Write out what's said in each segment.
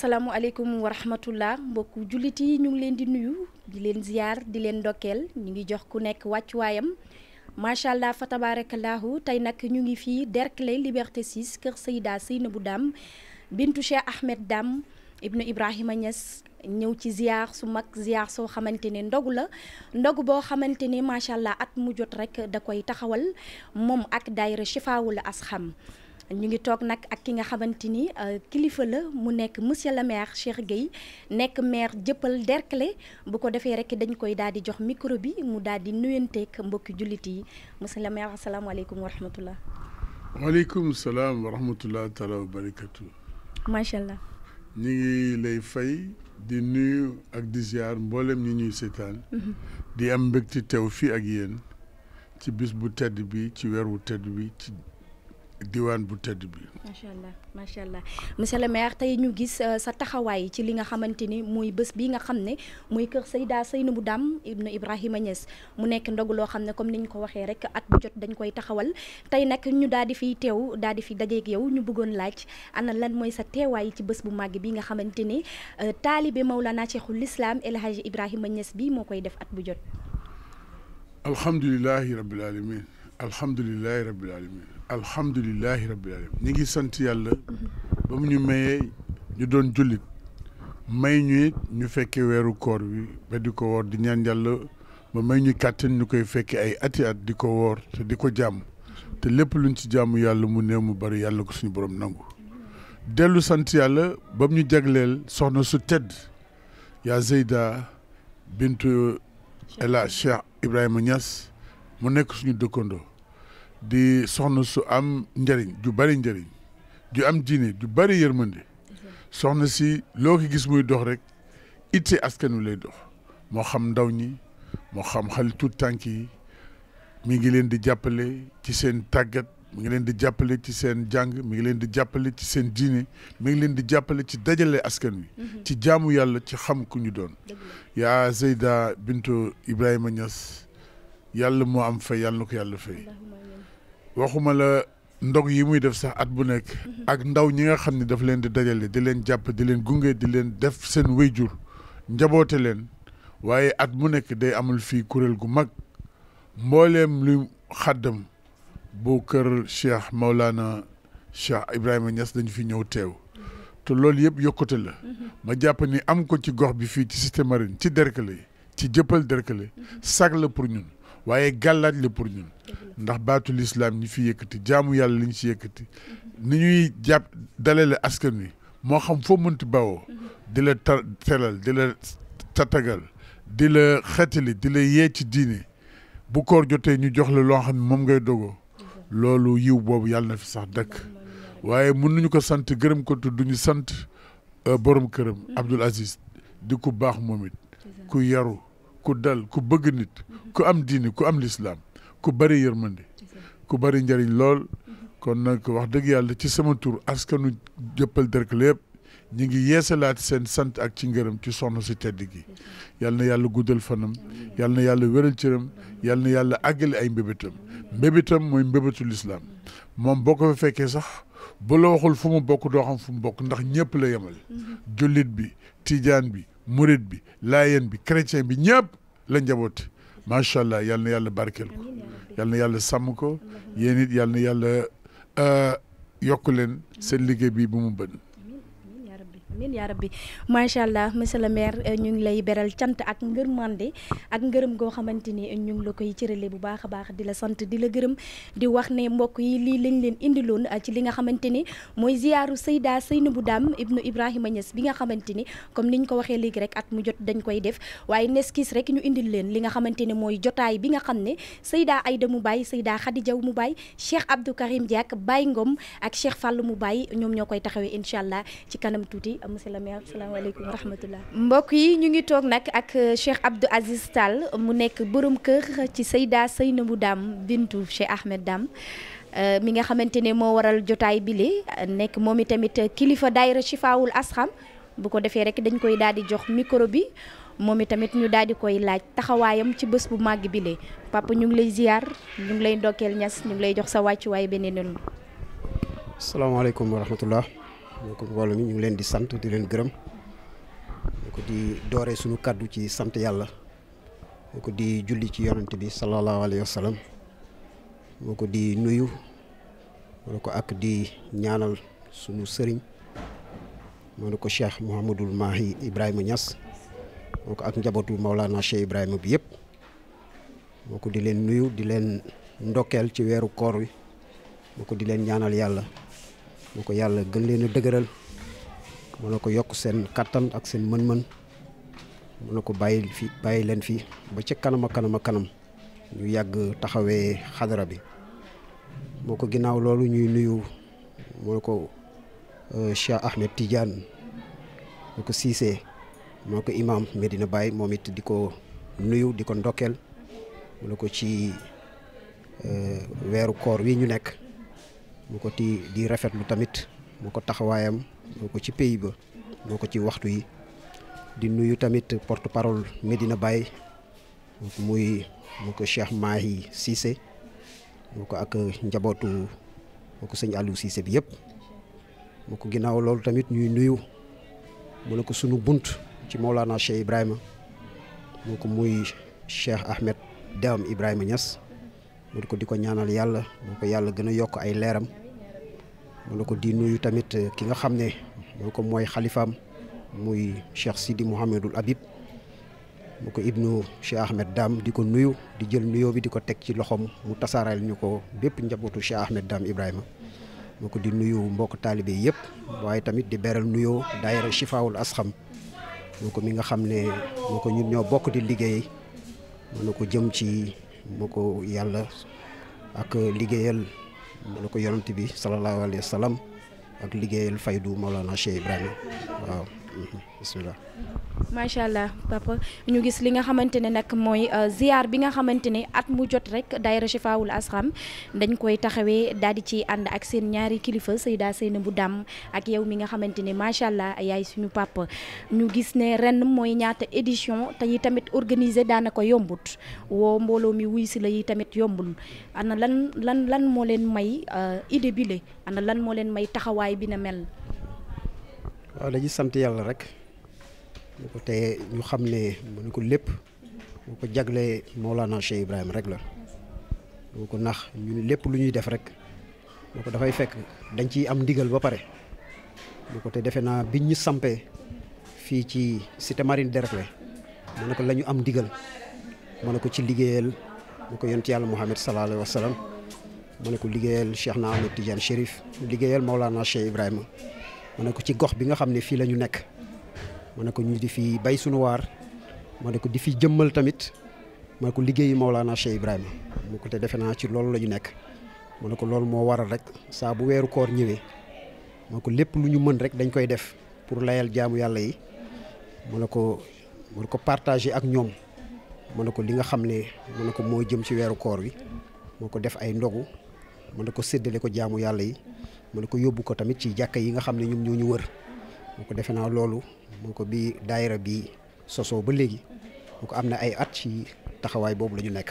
asalaamualeykum wa rahmatullah mbokku jullit yi ñu ngi leen di nuyu di leen ziyaar di leen ndokkeel ñu ngi jox ku nekk wàccuwaayam macha allah fa tabarakallahu tey nag ñu ngi fii Derklé Liberté 6 kër Seyda bu Dame bintu Cheikh Ahmed Dame ibnu Ibrahima Niass ñëw ci ziar su mag ziar soo xamante ne ndogu la ndogu boo xamante ne macha allah at mu jot rek da koy taxawal moom ak daayira Chifaawul Asxam ñu ngi toog nag ak ki nga xamante ni euh, kilifa la mu nekk monsieur le maire Cheikh Gueye nekk maire jëppal Derklé bu ko defee rek dañ koy daal di jox micro bi mu daal di nuyanteeg mbokki jullit yi monsieur le maire asalaamaaleykum wa rahmatullah waaleykum salaam wa rahmatullah taala wa barakatu macha allah ñu ngi lay fay di nuyu ak di ziar mboolem ñi ñuy seetaan mhm. di am mbégte teew fii ak yéen ci bis bu tedd bi ci weer wu tedd bi diwaan bu tëdd bi. macha allah macha allah monsieur le maire tey ñu gis euh, sa taxawaay ci li nga xamante ni muy bés bi nga xam ne muy kër Seyda Seynabou Dame Ibnu Ibrahima Niass mu nekk ndogu loo xam ne comme ni ñu ko waxee rek at bu jot dañ koy taxawal tey nag ñu daal di fiy teew daal di fi dajeeg yow ñu bëggoon laaj ana lan mooy sa teewaay ci bés bu màgg bi nga xamante ni euh, taalibe Mawlana Cheikhul Islam El Hadji Ibrahima Niass bi moo koy def at bu jot. alhamdulilahi rabil alhamdulilahi rabbil alamin ñu ngi sant yàlla ba mu ñu mayee ñu doon jullit may ñu it ñu fekkee weeru koor wi ba di ko woor di ñaan yàlla ba may ñu kàttan ñu koy fekkee ay ati at di ko woor te di ko jàmm te lépp luñ ci jàmm yàlla mu néew mu bari yàlla ko suñu boroom nangu dellu sant yàlla ba mu ñu jagleel soxna su tedd yaa Zeyda bintu El Hadj Cheikh Ibrahima ñas mu nekk suñu dëkkandoo di soxna su am njëriñ ju bari njëriñ ju am diine ju bari yërmande soxna si loo ko gis muy dox rek itte askan wi lay dox moo xam ndaw ñi moo xam xale tànk yi mu ngi leen di jàppale ci seen tàggat mu ngi leen di jàppale ci seen jàng mi ngi leen di jàppale ci seen diine mi ngi leen di jàppale ci dajale askan wi. Mhm. ci jaamu yàlla ci xam ku ñu doon. yaa Zeyda Bintu Ibrahima ñas yàlla moo am fay yàlla ko yàlla fay. waxuma la ndog yi muy def sax at bu nekk ak ndaw ñi nga xam ne daf leen di dajale di leen jàpp di leen gunge di leen def seen jur njaboote leen waaye at mu nekk day amul fii kuréel gu mag mbooleem lu xaddam bu kër Cheikh Maulana Cheikh Ibrahima Niass dañu fi ñëw teew te loolu yëpp yokkute la ma jàpp ni am ko ci gox bi fii ci Cité Marine ci Derklé ci jëppal Derklé sag la pour ñun waaye gàllaaj la pour ñun ndax baatu lislaam ñi fi yëkkati jaamu yàlla li ñu ci yëkkati ni ñuy jàpp dalale askan wi moo xam foo mënti bawoo mhm. di la ta telal di tatagal di la xetali di la yee ci diini bu koor jotee ñu jox la loo xam ne moom ngay dogoo mhm. loolu yiw boobu yàlla na fi sax dëkk waaye mën nañu ko sant gërëm ko tudd ñu sant euh, borom këram mhm. Abdoul Aziz di ku baax moom it ku yaru ku dal ku bëgg nit ku am diine ku am lislaam ku bari yërmande ku bari njariñ lool kon nag wax dëgg yàlla ci sama tur askanu jëppal dërk lépp e ñu ngi yeesalaat seen sant ak ci ngërëm ci soxna si tedd gi yal na yàlla guddal fanam yal na yàlla wéral cëram yal na yàlla àggale ay mbébétam mbébétam mooy mbébétu lislaam moom boo ko fekkee sax bu la waxul fu mu bokk doo xam fu mu bokk ndax ñëpp la yemal jullit bi tiijaan bi murit bi laayeen bi chrétien bi ñëpp la njaboot macha allah yal na yàlla barkeel ko yal na yàlla sàmm ko yéen it yal na yàlla euh, yokk leen seen liggéey bi bu mu bën amiin yaa rabbi macha allah monsieur le maire euh, ñu ngi lay beral cant ak ngërmande ak ngërëm goo xamante ni ñu la koy cëre cërale bu baax a baax di la sant di la gërëm di wax ne mbokk yi lii lañ leen indiloon euh, ci li nga xamante ni mooy ziyaaru Seyda Seynabou Dame ibnu Ibrahima Niass bi nga xamante ni comme ni ñu ko waxee léegi rek at mu jot dañ koy def waaye nes neskis rek ñu indil leen li nga xamante ni mooy jotaay bi nga xam ne Seyda Aïda mu baay Seyda Khady Diaw mu baay Cheikh Abdou Karim Diack Baye Ngom ak Cheikh Fall mu baay ñoom ñoo koy taxawee incha allah ci kanam tuuti monsieur le maire salaamaaleykum wa mbokk yi ñu ngi toog nag ak Cheikh Abdou Aziz Tall mu nekk borom kër ci Seyda Seynabou Dame bintu Cheikh Ahmed Dame euh, mi nga xamante ne moo waral jotaay bi nekk moom itamit kilifa daayira Chifaawul Asxam bu ko defee rek dañ koy daal di jox micro bi moom itamit ñu daal di koy laaj taxawaayam ci bés bu màgg bi le papa ñu ngi lay ziar ñu ngi lay ndokkeel ñas ñu lay jox sa wàccuwaay beneen yoon. salaamaaleykum wa rahmatullah ñoo ko mbooloo mi ñu ngi leen di sant di leen gërëm ñoo ko di dooree suñu kàddu ci sant yàlla ñoo ko di julli ci yonante bi sallallahu alayhi wa sallam ko di nuyu moo ko ak di ñaanal sunu sëriñ moo ko Cheikh Mouhamadul Mahi Ibrahima ñas moo ko ak njabootu Maulana Cheikh Ibrahima bi yëpp moo ko di leen nuyu di leen ndokkeel ci weeru koor wi moo ko di leen ñaanal yàlla moo ko yàlla gën leen a dëgëral moo la ko yokk seen kàttan ak seen mën-mën moo la ko bàyyi fi bàyyi leen fi ba ca kanam a kanam a kanam ñu yàgg taxawee xadara bi moo ko ginnaaw loolu ñuy nuyu moo ko euh, Cheikh Ahmed Tidiane moo ko Cissé moo ko imam Medina Baye moom it di ko nuyu di ko ndokkeel moo la ko ci euh, weeru koor wi ñu nekk mu ko ti di rafetlu tamit mu ko taxawaayam moo ko ci pays ba moo ko ci waxtu yi di nuyu tamit porte parole Medina Baye muy mu ko Cheikh Mahi Cissé mu ko ak njabootu mu ko sëñ Aliou Cissé bi yëpp mu ko ginnaaw loolu tamit ñuy nuyu mu ne ko sunu bunt ci Maulana Cheikh Ibrahima mu ko muy Cheikh Ahmed Dame Ibrahima Niass mu ko di ko ñaanal yàlla mu ko yàlla gën a yokk ay leeram mu ne ko di nuyu tamit eh, ki nga xam ne moo ko mooy xalifaam muy Cheikh Sidi Mouhamadul Habib mu ko ibnu Cheikh Ahmed Dame di ko nuyu di jël nuyoo bi di ko teg ci loxoom mu tasaareel ñu ko bépp njabootu Cheikh Ahmed Dame Ibrahima mu ko di nuyu mbokk taalibe yëpp waaye tamit di beral nuyoo daayira Chifaawul Asxam mu ko mi nga xam ne mu ko ñun ñoo bokk di liggéey mu na ko jëm ci mu ko yàlla ak liggéeyal mu ne ko yonent bi sallallahu alayhi wa sallam ak liggéeyal faydu Mawlana Cheikh Ibrahima waaw bisimilah. macha allah papa ñu gis li nga xamante ne nag mooy euh, ziar bi nga xamante ne at mu jot rek daayira Chifaawul Asxam dañ koy taxawee daal di ci ànd ak seen ñaari kilifa Seyda bu dàmm ak yow mi nga xamante ne macha allah yaay suñu papa ñu gis ne ren mooy ñaata édition te yi tamit organiser daanaka yombut woo mbooloo mi wuy si la yi tamit yombul ana lan lan lan moo leen may euh, idée bi le ana lan moo leen may taxawaay bi na mel. waaw dañuy sant yàlla rek ñu ko teye ñu xam ne mu ko lépp mu ko jaglee Mawlana Cheikh Ibrahima rek la mu ko nax ñun lépp lu ñuy def rek mu ko dafay fekk dañ ciy am ndigal ba pare mu ko te defe naa biñ ñu sampee fii ci cité marine Derklé mu ne ko lañu am ndigal mu ne ko ci liggéeyal mu ko yonent yàlla Muhammad sallallahu alayhi wa sallam mu ne ko liggéeyal Cheikh na Ahmed Tidiane Chérif liggéeyal Mawlana Cheikh Ibrahima ma ne ko ci gox bi nga xam ne fii la ñu nekk ma ne ko ñu di fi bay sunu waar ma ne ko di fi jëmmal tamit ma ne ko liggéeyu Maolana Cheikh Ibrahima ma ko te defe naa ci loolu la ñu nekk ma ne ko loolu moo waral rek saa bu weeru koor ñëwee ma ne ko lépp lu ñu mën rek dañ koy def pour layal jaamu yàlla yi ma ne ko ma ne ko partager ak ñoom ma ne ko li nga xam ne ma ne ko moo jëm ci weeru koor wi ma ko def ay ndogu mën ne ko séddale ko jaamu yàlla yi mu ne ko yóbbu ko tamit ci jàkka yi nga xam ne ñoom ñoo ñu wër moo ko defe naa loolu moo ko bii daayira bii sosoo ba léegi moo ko am na ay at ci taxawaay boobu la ñu nekk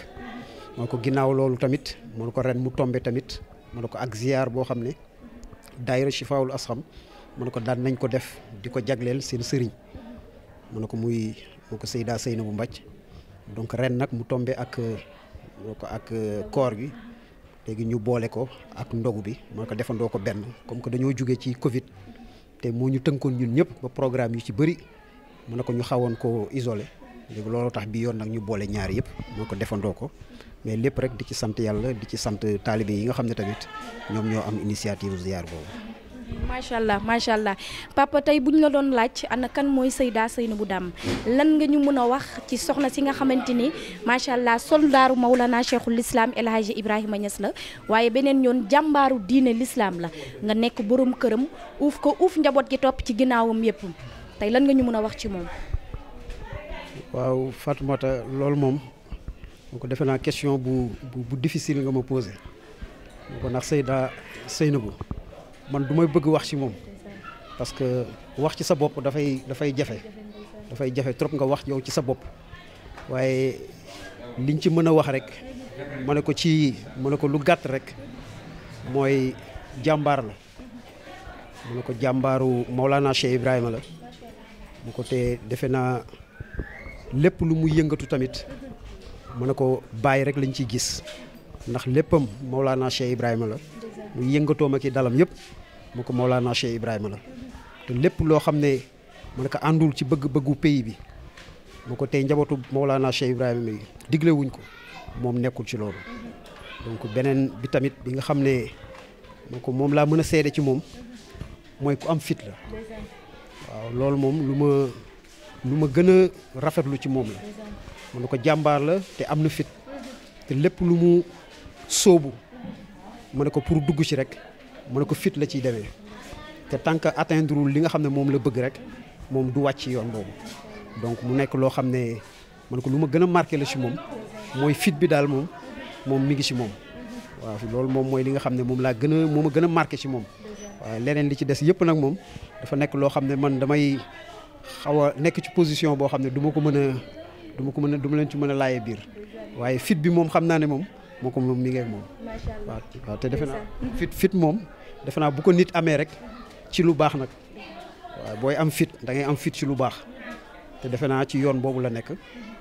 moo ko ginnaaw loolu tamit mu ko ren mu tombe tamit mu ne ko ak ziar boo xam ne daayira Chifaawul Asxam mu ne ko daan nañ ko def di ko jagleel seen sëriñ mu ne ko muy moo ko Seyda Seyna bu Mbàcc donc ren nag mu tombe ak moo ko ak koor gi léegi ñu boole ko ak ndogu bi moo ko defandoo ko benn comme que dañoo jugee ci Covid te moo ñu tënkoon ñun ñëpp ba programme yu ci bëri mu ne ko ñu xawoon ko isolé léegi looloo tax bi yoon nag ñu boole ñaar yëpp ñoo ko defandoo ko mais lépp rek di ci sant yàlla di ci sant taalibe yi nga xam ne tamit ñoom ñoo am initiative ziar boobu. macha allah macha allah papa tey bu ñu la doon laaj ana kan mooy Seyda bu dàmm lan nga ñu mën a wax ci soxna si nga xamante ni macha allah soldaaru Maulana Cheikhul Islam El Hadji Ibrahima Niass la waaye beneen yoon jàmbaaru diine lislaam la nga nekk borom këram uuf ko uuf njaboot gi topp ci ginnaawam yépp tey lan nga ñu mën a wax ci moom. waaw Fatoumata loolu moom. ko defe naa question bu bu difficile nga ma posé donc ndax Seyda Seynabou man du may bëgg wax ci moom parce que wax ci sa bopp dafay dafay jafe dafay jafe trop nga wax yow ci sa bopp waaye liñ ci mën a wax rek ma ne ko ci ma ne ko lu gàtt rek mooy jàmbaar la ma ne ko jàmbaaru Maulana Cheikh Ibrahima la mu ko te defe naa lépp lu mu yëngatu tamit ma ne ko bàyyi rek lañ ciy gis ndax léppam Maulana Cheikh Ibrahima la mu yëngatoom ak i dalam yëpp moo ko Mawlana Cheikh Ibrahima la te lépp loo xam ne mu ne ko àndul ci bëgg-bëggu pays bi mu ko tey njabootu Mawlana Cheikh Ibrahima yi digle wuñ ko moom nekkul ci loolu donc beneen bi tamit bi nga xam ne ko moom laa mën a seede ci moom mooy ku am fit la waaw loolu moom lu ma lu ma gën a rafetlu ci moom la mu ne ko jàmbaar la te am na fit te lépp lu mu soobu mu ne ko pour dugg ci rek mu ne ko fit la ciy demee te tant que atteindre li nga xam ne moom la bëgg rek moom du wàcc yoon boobu donc mu nekk loo xam ne man ko lu ma gën a marqué la ci moom mooy fit bi daal moom moom mi ngi ci moom waaw loolu moom mooy li nga xam ne moom laa gën a moom a gën a marqué ci moom leneen li ci des yëpp nag moom dafa nekk loo xam ne man damay xaw a nekk ci position boo xam ne du ma ko mën a du ma ko mën a du leen ci mën a laaye biir waaye fit bi moom xam naa ne moom moo ko moom mi moom waaw te defe naa fit fit moom defe naa bu ko nit amee rek ci lu baax nag waaw booy am fit da ngay am fit ci lu baax te defe naa ci yoon boobu la nekk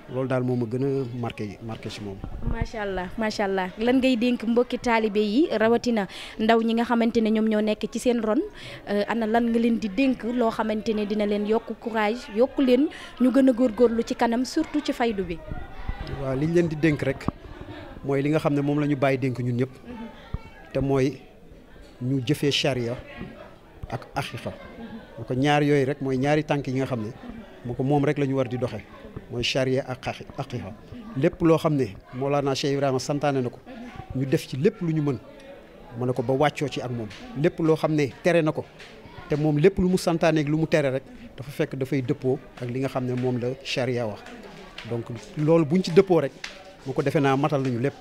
loolu daal moom a gën a yi marqué ci moom. macha allah macha allah lan ngay dénk mbokki taalibe yi rawatina ndaw ñi nga xamante ne ñoom ñoo nekk ci seen ron euh, ana lan nga leen di dénk loo xamante ne dina leen yokk courage yokk leen ñu gën a góorgóorlu ci kanam surtout ci faydu bi. waaw liñ leen di dénk rek mooy li nga xam ne moom la ñu bàyyi dénk ñun ñëpp mm-hmm. te mooy ñu jëfee charia ak aqiqa mu ko ñaar yooyu rek mooy ñaari tànk yi nga xam ne mu ko moom rek la ñu war di doxee mooy charia ak aqiqa lépp loo xam ne Mawlana Cheikh Ibrahima santaane na ko ñu def ci lépp lu ñu mën mu ne ko ba wàccoo ci ak moom lépp loo xam ne tere na ko te moom lépp lu mu santaane lu mu tere rek dafa fekk dafay dëppoo ak li nga xam ne moom la charia wax donc loolu buñ ci dëppoo rek mu ko defee naa matal nañu lépp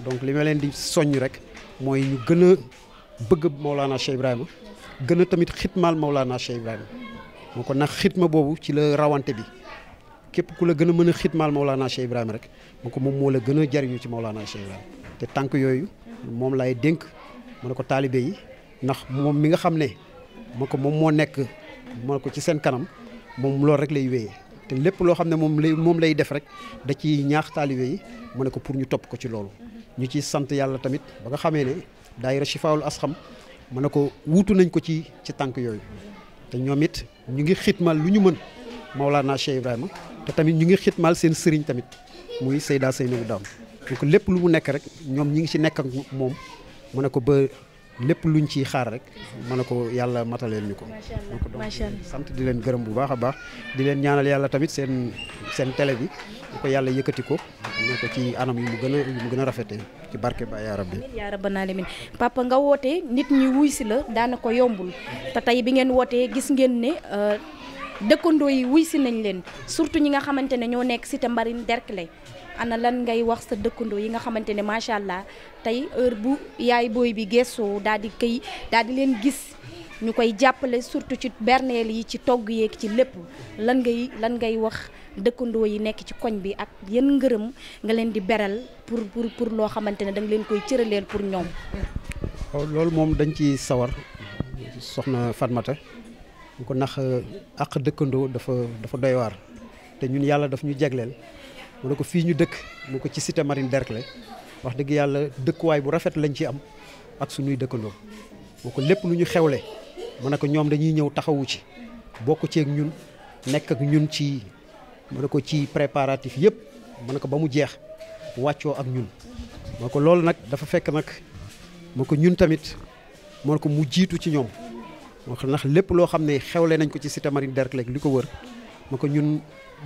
donc li ma leen di soññ rek mooy ñu gën bëgg Maulana Cheikh Ibrahima gën a tamit xitmaal Maulana Cheikh Ibrahima moo ko xit ma boobu ci la rawante bi képp ku la gën a mën a xitmaal Maulana Cheikh Ibrahima rek moo moom moo la gën a jariñu ci Maulana Cheikh te tànk yooyu moom laay dénk mu ne ko taalibe yi ndax moom mi nga xam ne moo ko moom moo nekk moo ko ci seen kanam moom loolu rek lay wéyee te lépp loo xam ne moom lay moom lay def rek da ci ñaax taalibe yi mu ne ko pour ñu topp ko ci loolu ñu ci sant yàlla tamit ba nga xamee ne daayira Chifaawul Asxam mu ne ko wuutu nañ ko ci ci tànk yooyu te ñoom it ñu ngi xitmal lu ñu mën Maolana Cheikh Ibrahima te tamit ñu ngi xitmal seen sëriñ tamit muy Seyda Seynabou Dame donc lépp lu mu nekk rek ñoom ñu ngi ci nekk moom mu ne ko ba lépp luñ ciy xaar rek mën na ko yàlla mataleel ñu ko donc sant di leen gërëm bu baax a baax di leen ñaanal yàlla tamit seen seen télé bi ko yàlla yëkkati ko ne ko ci anam yu mu gën a yu mu gën a rafetee ci barke ba yaa rabbi yaa rabbana alamin nga woote nit ñi wuy si la daana ko yombul te tey bi ngeen wootee gis ngeen ne euh, dëkkandoo yi wuy si nañ leen surtout ñi nga xamante ne ñoo nekk si te Mbarine Derklé ana lan ngay wax sa dëkkandoo yi nga xamante ne macha allah tey heure bu yaay booy bi gëstoo daal di koy daal di leen gis ñu koy jàppale surtout ci berneel yi ci togg yeeg ci lépp lan ngay lan ngay wax dëkkandoo yi nekk ci koñ bi ak yenn ngërëm nga leen di beral pour pour pour loo xamante ne da nga leen koy cëraleel pour ñoom. waaw oh, loolu moom dañ ci sawar soxna Fatmata ko nax ak euh, dëkkandoo dafa dafa doy waar te ñun yàlla daf ñu jagleel mu ne ko fii ñu dëkk mu ko ci cité marine Derklé wax dëgg yàlla dëkkuwaay bu rafet lañ ci am ak suñuy dëkkandoo mu ko lépp lu ñu xewle mu ne ko ñoom dañuy ñëw taxawu ci bokk ci ak ñun nekk ak ñun ci. mu ne ko ci préparatif yëpp mu ne ko ba mu jeex wàccoo ak ñun moo ko loolu nag dafa fekk nag moo ko ñun tamit moo ko mu jiitu ci ñoom moo ko ndax lépp loo xam ne xew xewle nañ ko ci cité marine Derklé li ko wër moo ko ñun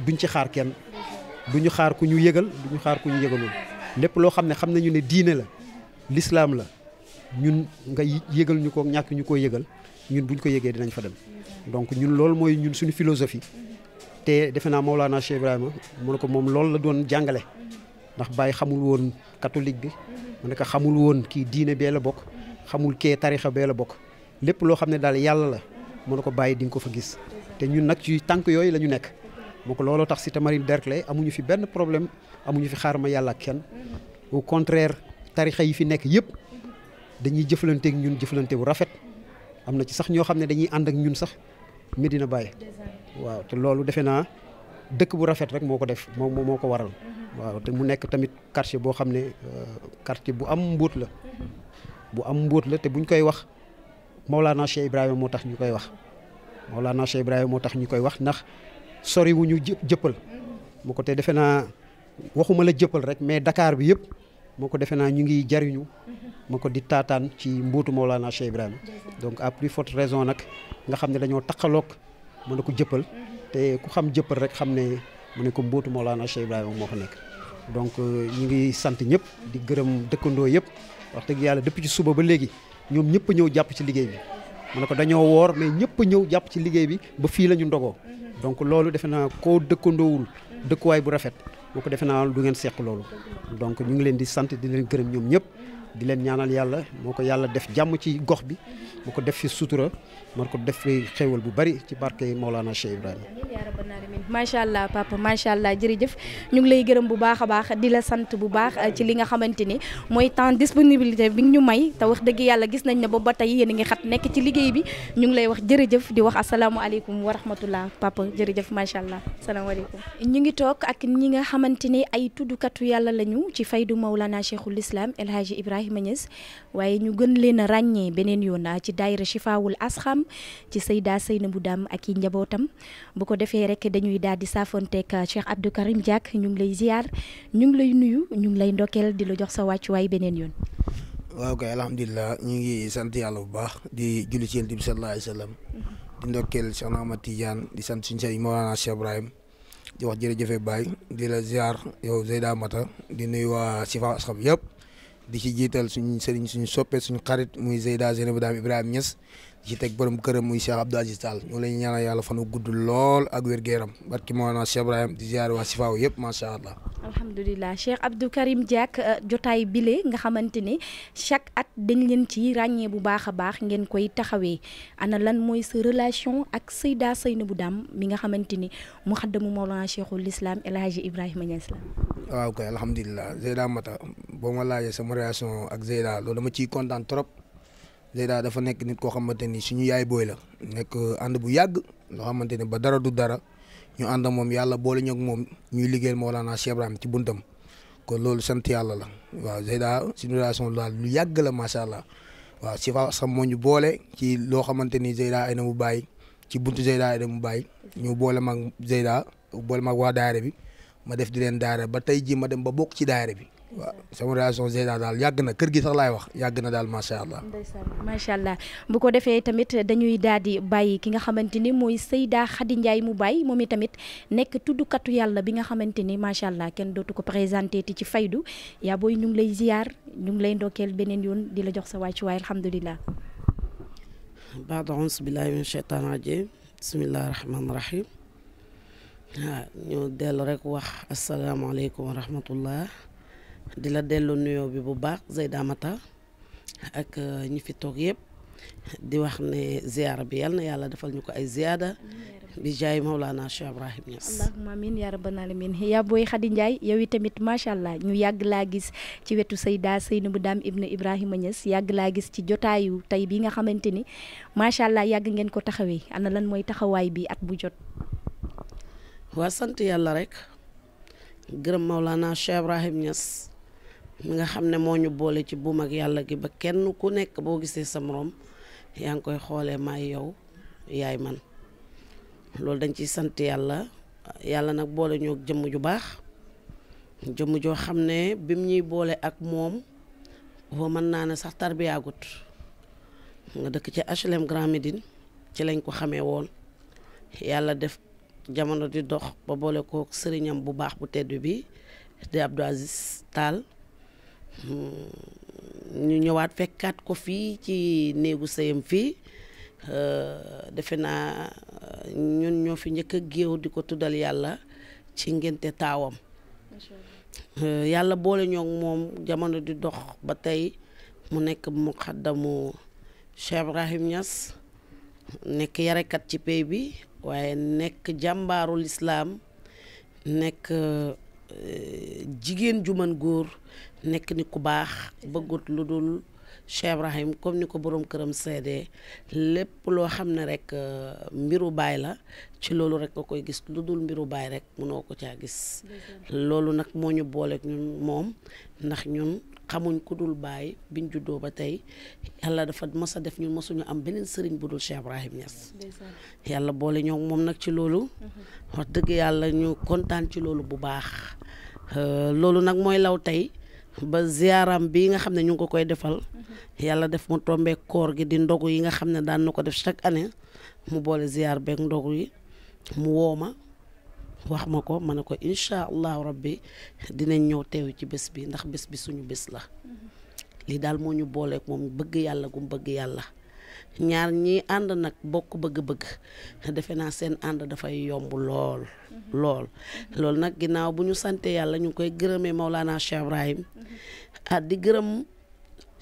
duñ ci xaar kenn duñu xaar ku ñu yëgal duñu xaar ku ñu yëgalul lépp loo xam ne xam nañu ne diine la lislaam la ñun nga yëgal ñu ko ñàkk ñu ko yëgal ñun buñ ko yëgee dinañ fa dem donc ñun loolu mooy ñun suñu philosophie te defe naa Mawlana Cheikh Ibrahima mu ne ko moom lool la doon jàngale ndax bàyyi xamul woon catholique bi mu ne ko xamul woon kii diine bee la bokk xamul kee tarixa bee la bokk lépp loo xam ne daal yàlla la mu ne ko bàyyi di ko fa gis te ñun nag ci tànk yooyu la ñu nekk moo ko looloo tax Cité Marine Derklé amuñu fi benn problème amuñu fi xaar ma yàlla kenn au contraire tarixa yi fi nekk yëpp dañuy jëfalanteek ñun jëflante bu rafet am na ci sax ñoo xam ne dañuy ànd ak ñun sax Medina Baye waaw te loolu defe naa dëkk bu rafet rek moo ko def moom moo ko waral. Mm-hmm. waaw te mu nekk tamit quartier boo xam ne euh, quartier bu am mbóot la. Mm-hmm. bu am mbóot la te buñ koy wax Maulana Cheikh Ibrahima moo tax ñu koy wax Maulana Cheikh Ibrahima moo tax ñu koy wax ndax sori wu ñu jë jëppal. moo mm-hmm. ko te defe naa waxuma la jëppal rek mais dakaar bi yëpp moo ko defe naa ñu ngi jariñu. ma ko di taataan ci mbóotu Maulana Cheikh Ibrahima. donc à plus forte raison nag nga xam ne dañoo taqaloog. mu ne ko jëppal te ku xam jëppal rek xam ne mu ne ko moo Mawlana Cheikh Ibrahima moo fa nekk donc euh, ñu ngi sant ñëpp di gërëm dëkkandoo yëpp wax dëgg yàlla dëpp ci suba ba léegi ñoom ñëpp ñëw jàpp ci liggéey bi mu ne ko dañoo woor mais ñëpp ñëw jàpp ci liggéey bi ba fii la ñu ndogoo donc loolu defe naa koo dëkkandoowul dëkkuwaay bu rafet boo ko defe naa du ngeen seq loolu donc ñu ngi leen di sant di leen gërëm ñoom ñëpp di leen ñaanal yàlla moo ko yàlla def jàmm ci gox bi moo ko def fi sutura moo ko def fi xéewal bu bari ci barke Maulana Cheikh Ibrahima. macha allah papa macha allah jërëjëf ñu ngi lay gërëm bu baax a baax di la sant bu baax eh, ci li nga xamante ni mooy temps disponibilité bi ñu may te wax dëgg yàlla gis nañ ne ba ba tey yéen ngi xat nekk ci liggéey bi ñu ngi lay wax jërëjëf di wax asalaamualeykum wa rahmatullah papa jërëjëf macha allah salaamaaleykum. ñu ngi toog ak ñi nga xamante ni ay tuddukatu yàlla lañu ci faydu Maulana Cheikhul Islam El Hadji Ibrahima Ibrahima Niass waaye ñu gën leen a ràññee beneen yoon ah, ci daayira Chifaawul Asxam ci Seyda Seynabou Dam ak i njabootam bu ko defee rek dañuy daal di saafonteeg ah, Cheikh Abdou Karim Diack ñu ngi lay ñu ngi lay nuyu ñu ngi lay ndokkeel di la jox sa wàccuwaay beneen yoon. waaw kay alhamdulilah ñu ngi sant yàlla bu baax di julli ci di bi sallallahu alayhi wa sallam di ndokkeel Cheikh Ahmad Tidiane di sant suñu sëriñ Mawlana Cheikh Ibrahima. di wax jërëjëfe Baye di la ziar yow Zeyda Mata di di ci jiital suñu sëriñ suñu soppe suñu xarit muy Zeyda Zeynabou daam Ibrahima Niass ci teg borom këram muy Cheikh Abdou Aziz Tall ñu lañu ñaanal yàlla fan wu gudd lool ak wér-gu-yaram barki Mawlana Cheikh Ibrahim di ziare waa Sifaaw yëpp macha allah. alhamdulilah Cheikh Abdou Karim Diack euh, jotaay bile nga xamante ni chaque at dañ leen ci ràññee bu baax a baax ngeen koy taxawee ana lan mooy sa relation ak Seyda bu Dame mi nga xamante ni mu xaddamu Mawlana Cheikhul Islam El Hadji Ibrahima Niass la. waaw kay alhamdulilah Zeyda Mata boo ma laajee sama relation ak Zeyda loolu kontaan trop. Zeyda dafa nekk nit koo xamante ni suñu yaay booy la nekk euh, ànd bu yàgg loo xamante ni ba dara du dara ñu ànd moom yàlla boole ñu ak moom ñuy liggéeyal Mawlana Cheikh Ibrahim ci buntam kon loolu sant yàlla la waaw Zeyda suñu daal lu yàgg la macha allah waaw si fa sax moo ñu boole ci loo xamante ni Zeyda ay na mu bàyyi ci buntu Zeyda ay na mu bàyyi ñu boole mag Zeyda boole mag waa daara bi ma def di leen daara ba tey ji ma dem ba bokk ci daara bi. waaw sama relation Zeyda daal yàgg na kër gi sax laay wax yàgg na daal macha allah. allah bu ko defee tamit dañuy daal di bàyyi ki nga xamante ni mooy Seyda Khady Ndiaye mu bàyyi moom i tamit nekk tuddukatu yàlla bi nga xamante ni macha allah kenn dootu ko présenté ti ci fay yaa booy ñu ngi lay ziar ñu ngi lay ndokkeel beneen yoon di la jox sa wàccuwaay alhamdulilah. baad auzu billaahi min sheytaan rajiim bismillaahi rahmaani rahiim. waaw ñu dellu rek wax asalaamaaleykum wa di la delloo nuyoo bi bu baax Zeyda Matar ak euh, ñi fi toog yëpp di wax ne ziyaara bi yal na yàlla defal ñu ko ay ziyaada bi jaay Mawlana Cheikh Ibrahim Niass allahumma amin yaa yow itamit macha allah ñu yàgg laa gis ci wetu seydaa Seyda Seynabou Dame Ibn Ibrahima Niass yàgg laa gis ci jotaayu tey bi nga xamante ni macha allah yàgg ngeen ko taxawee ana lan mooy taxawaay bi at bu jot. waa sant yàlla rek gërëm Mawlana Cheikh Ibrahim Niass mi nga xam ne moo ñu boole ci buum ak yàlla gi ba kenn ku nekk boo gisee sa moroom yaa ngi koy xoolee maay yow yaay man loolu dañ ciy sant yàlla yàlla nag boole ñoo jëmm ju baax jëmm joo xam ne bim ñuy boole ak moom boo mën naa ne sax tarbiyaagut nga dëkk ci HLM Grand Médine ci lañ ko xamee woon yàlla def jamono di dox ba boole kook sëriñam bu baax bu tedd bi di Abdou Aziz Tall ñu ñëwaat fekkaat ko fii ci néegu sëyam fii euh, defe naa ñun ñoo fi njëkk a géew di ko tuddal yàlla ci ngénte taawam euh, yàlla boole ñoo moom jamono di dox ba tey mu nekk muqaddamu Cheikh Ibrahim Niass nekk yarekat ci pey bi waaye nekk jàmbaarul lislaam nekk jigéen ju mën góor nekk ni ku baax bëggut lu dul Cheikh Ibrahim comme ni ko boroom këram seede lépp loo xam ne rek euh, mbiru baay la ci loolu rekk nga koy gis lu dul mbiru baay rek mënoo ko caa gis. loolu nag moo ñu booleeg ñun moom ndax ñun xamuñ ku dul baay biñ juddoo ba tey yàlla dafa mës a def ñun mësuñu am beneen sëriñ bu dul Cheikh Ibrahim Niass. yàlla boole ñoo moom nag ci loolu. Mm-hmm. wax dëgg yàlla ñu kontaan ci loolu bu baax. Euh, loolu nag mooy law tey ba ziaram bi nga xam ne ñu ngi ko koy defal mhm. yàlla def mu tombeek koor gi di ndogu yi nga xam ne daan na ko def chaque année mu boole ziar beeg ndogu yi mu woo ma wax ma ko ma ne ko incha allahu rabbi dinañ ñëw teew ci bés bi ndax bés bi suñu bés la mhm. lii daal moo ñu booleeg moom bëgg yàlla gum bëgg yàlla ñaar ñi ànd nag bokk bëgg-bëgg defe naa seen ànd dafay yomb lool mhm. lool mhm. loolu nag ginnaaw bu ñu sante yàlla ñu ngi koy gërëmee Maulana Cheikh Ibrahim mhm. ah di gërëm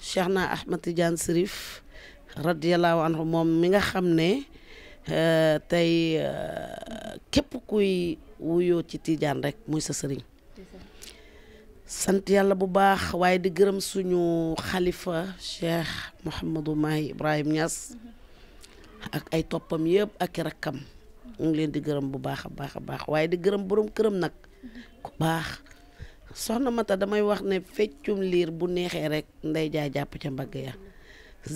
Cheikh na Ahmad Tidiane Sirif radiallahu anhu moom mi nga xam ne eh, tey eh, képp kuy wuyoo ci Tidiane rek muy sa sëriñ sant yàlla bu baax waaye di gërëm suñu xalifa cheikh Mouhamadou Mahi Ibrahim Niass ak ay toppam yépp ak i rakkam mu ngi leen di gërëm bu baax a baax a baax waaye di gërëm boroom këram nag ku baax soxna Mata damay wax ne feccum liir bu neexee rek nday jaay jàpp ca mbagg ya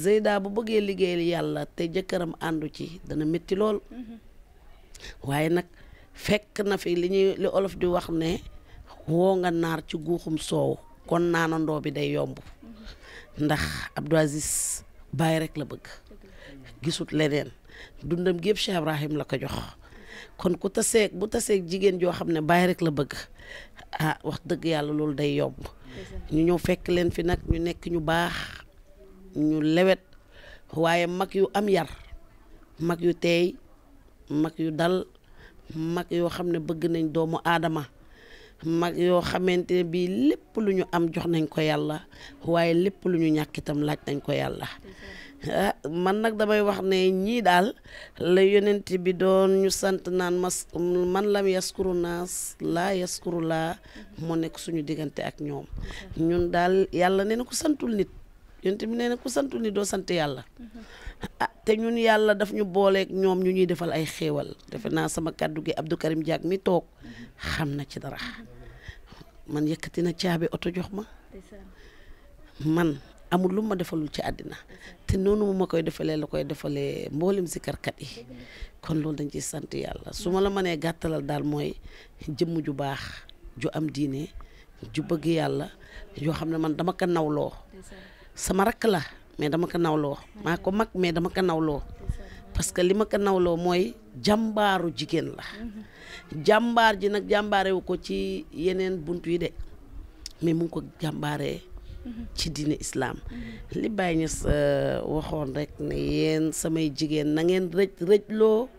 Zeyda bu bëggee liggéeyal yàlla te jëkkëram àndu ci dana métti lool mm-hmm. waaye nag fekk na fi li ñuy li olof di wax ne woo nga naar ci guuxum soow kon naanandoo bi day yomb ndax Abdou Aziz bàyyi rek la bëgg gisut leneen dundam gépp Cheikh Ibrahim la ko jox kon ku taseek bu taseeg jigéen joo xam ne bàyyi rekk la bëgg ah wax dëgg yàlla loolu day yomb ñu ñëw fekk leen fi nag ñu nekk ñu baax ñu lewet waaye mag yu am yar mag yu teey mag yu dal mag yoo xam ne bëgg nañ doomu aadama mag yoo xamante ne bii lépp lu ñu am jox nañ ko yàlla waaye lépp lu ñu ñàkk itam laaj nañ ko yàlla ah, man nag damay wax ne ñii daal la yonent bi doon ñu sant naan mas man lam yaskuru naas laa yaskuru laa moo nekk suñu diggante ak ñoom ñun daal yàlla nee na ko santul nit yonent bi nee na ku santul nit doo sant yàlla ah te ñun yàlla daf ñu booleek ñoom ñu ñuy defal ay xéewal defe naa sama kàddu gi Abdou Karim jaag mi toog xam na ci dara man yëkkati na caabi oto jox ma man amul lu ma defalul ci àddina te noonu mu ma koy defalee la koy defalee mboolem sikarkat yi kon loolu dañ ciy sant yàlla su ma la mënee gàttalal daal mooy jëmm ju baax ju am diine ju bëgg yàlla yoo xam ne man dama ko nawloo sama rakk la. mais dama ko nawloo maa ko mag mais dama ko nawloo parce que li ma ko nawloo mooy jàmbaaru jigéen la jàmbaar ji nag jàmbaarewu ko ci yeneen bunt yi de mais mu ko jàmbaaree ci diine islaam li Baye Niass euh, waxoon rek ne yéen samay jigéen na ngeen rëj rëjloo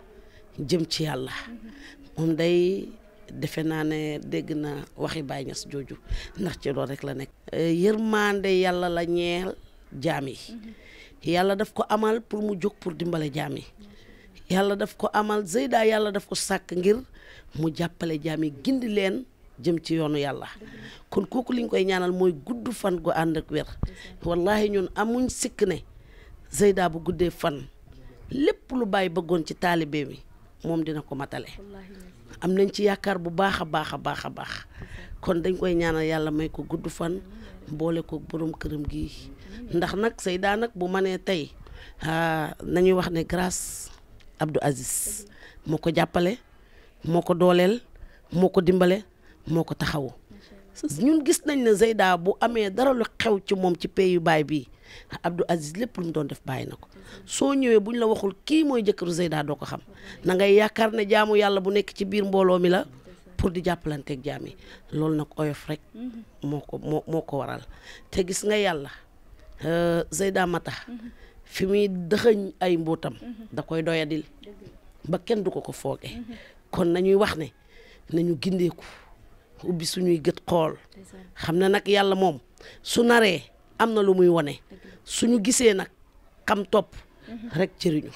jëm ci yàlla moom day defe naa ne dégg na waxi Baye Niass jooju ndax ci loolu rek la nekk euh, yërmande yàlla la ñeel jaam yi yàlla daf ko amal pour mu jóg pour dimbale jaam yi yàlla daf ko amal Zeyda yàlla daf ko sàkk ngir mu jàppale jaam yi gindi leen jëm ci yoonu yàlla kon kooku li ñu koy ñaanal mooy gudd fan gu ànd ak wér wallahi ñun amuñ sikk ne Zeyda bu guddee fan lépp lu bàyyi bëggoon ci taalibe mi moom dina ko matale am nañ ci yaakaar bu baax a baax a baax a baax kon dañ koy ñaanal yàlla may ko gudd fan boole ko borom këram gi ndax nag sëy nag bu manee tey nañuy wax ne grâce Abdou Aziz moo ko jàppale moo ko dooleel moo ko dimbale moo ko taxawu ñun gis nañ ne Zeyda bu amee dara lu xew ci moom ci pays yu baay bii Abdou Aziz lépp lu mu doon def bàyyi na ko soo ñëwee bu ñu la waxul kii mooy jëkkëru Zeyda doo ko xam na yaakaar ne jaamu yàlla bu nekk ci biir mbooloo mi la pour di jàppalanteeg jaam yi loolu nag oyof rek. moo ko moo moo ko waral te gis nga yàlla euh, Zeyda Mata. fi muy dëxëñ ay mbootam. da koy doyadil ba kenn du ko ko fooge. kon nañuy wax ne nañu gindeeku ubbi suñuy gët xool. xam ne nag yàlla moom su naree am na lu muy wone suñu gisee nag xam topp rek jëriñu.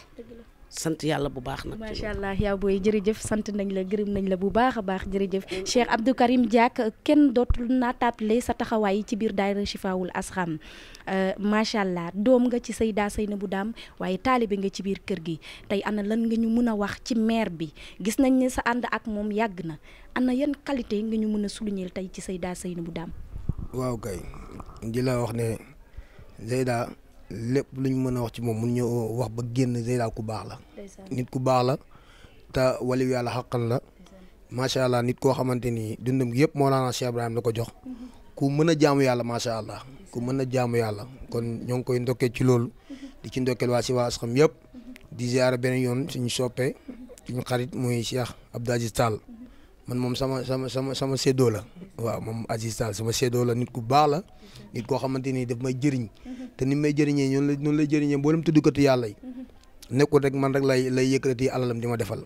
sant yàlla bu baax nag. macha allah yaa booy jërëjëf sant nañ la gërëm nañ la bu baax a baax jërëjëf Cheikh Abdou Karim Diack kenn dootul naataable sa taxawaay ci biir daayira Chifaawul Asxam euh, macha allah doom nga ci Seyda Seynabou Dame waaye taalibe nga ci biir kër gi tey ana lan nga ñu mën a wax ci maire bi gis nañ ne sa ànd ak moom yàgg na ana yan qualité nga ñu mën a souligner tey ci Seyda Seynabou Dame. waaw kay di la wax ne Seyda lépp lu ñu mën a wax ci moom mun ñu wax ba génn Zeyda ku baax la. nit ku baax la te wali yàlla xaqan la macha allah nit koo xamante ni dundam gi yëpp Mawlana Cheikh Ibrahim la ko jox mm-hmm. ku mën a jaamu yàlla macha allah ku mën a jaamu yàlla kon ñoo ngi koy ndokkee ci loolu mm-hmm. di ci ndokkeel waa si waa xam yëpp mm-hmm. di ziara beneen yoon suñu soppee suñ xarit muy Cheikh Abdou Aziz man moom sama sama sama sama séddoo la waaw moom Aziz Tall sama séddoo la nit ku baax la nit koo xamante ni daf may jëriñ te ni may jëriñee ñoonu la ñoonu lay jëriñee mboolem tuddukatu yàlla yi nekkul rek man rek lay lay yëkkati alalam di ma defal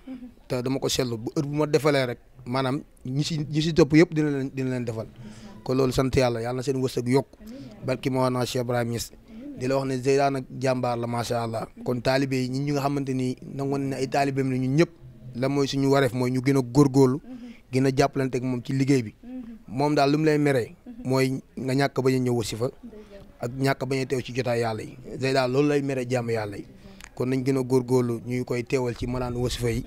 te dama ko seetlu bu heure bu ma defalee rek maanaam ñi si ñi si topp yëpp dina leen dina leen defal ko loolu sant yàlla yàlla na seen wërsëg yokk barki ma naa Cheikh Ibrahima Niass di la wax ne Zeyda nag jàmbaar la macha allah kon taalibe yi ñi nga xamante ni nangoon ne ay taalibeem la ñun ñëpp la mooy suñu wareef mooy ñu gën a góorgóorlu gën a jàppalante ak moom ci liggéey bi mhm. moom daal lu mu lay meree mhm. mooy nga ñàkk bañ a ñëw wasifa ak ñàkk bañ a teew ci jotaay yàlla yi daal loolu lay mere jàmm yàlla kon nañ gën a góorgóorlu ñuy koy teewal ci malaan wasifa mhm.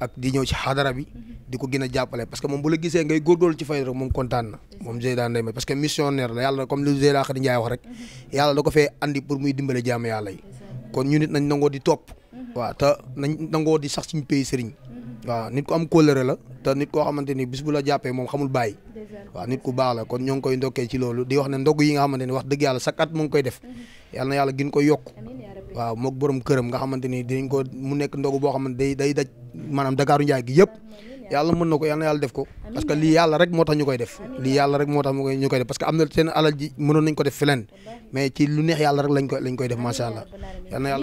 ak di ñëw ci xadara bi di ko gën a jàppale parce que moom bu la gisee ngay góorgóorlu ci fay rek moom kontaan na moom Zeyda Ndeye Mbaye parce que missionnaire la yàlla comme fee andi pour muy dimbale jàmm yàlla kon ñu nit nañ nangoo di topp. Mm-hmm. waaw te nañ nangoo di sax suñu pays sëriñ. Mm-hmm. waaw nit ko am kóllëre la te nit koo xamante ni bis bu la jàppee moom xamul baay waaw nit ku baax la kon ñoo ngi koy ndokkee ci loolu di wax ne ndog yi nga xamante ni wax dëgg yàlla chaque at koy def mm-hmm. yàlla na yàlla gën koy yokk waa mook borom këram nga xamante ni dinañ ko mu nekk ndog boo xamante day day daj maanaam Dakaaru Njaay gi yëpp yàlla mën na ko yàlla na yàlla def ko parce que lii yàlla rek moo tax ñu koy def parce que am na seen alal ji mënoon nañ def fileen mais ci lu neex yàlla rek lañ koy def macha allah yal na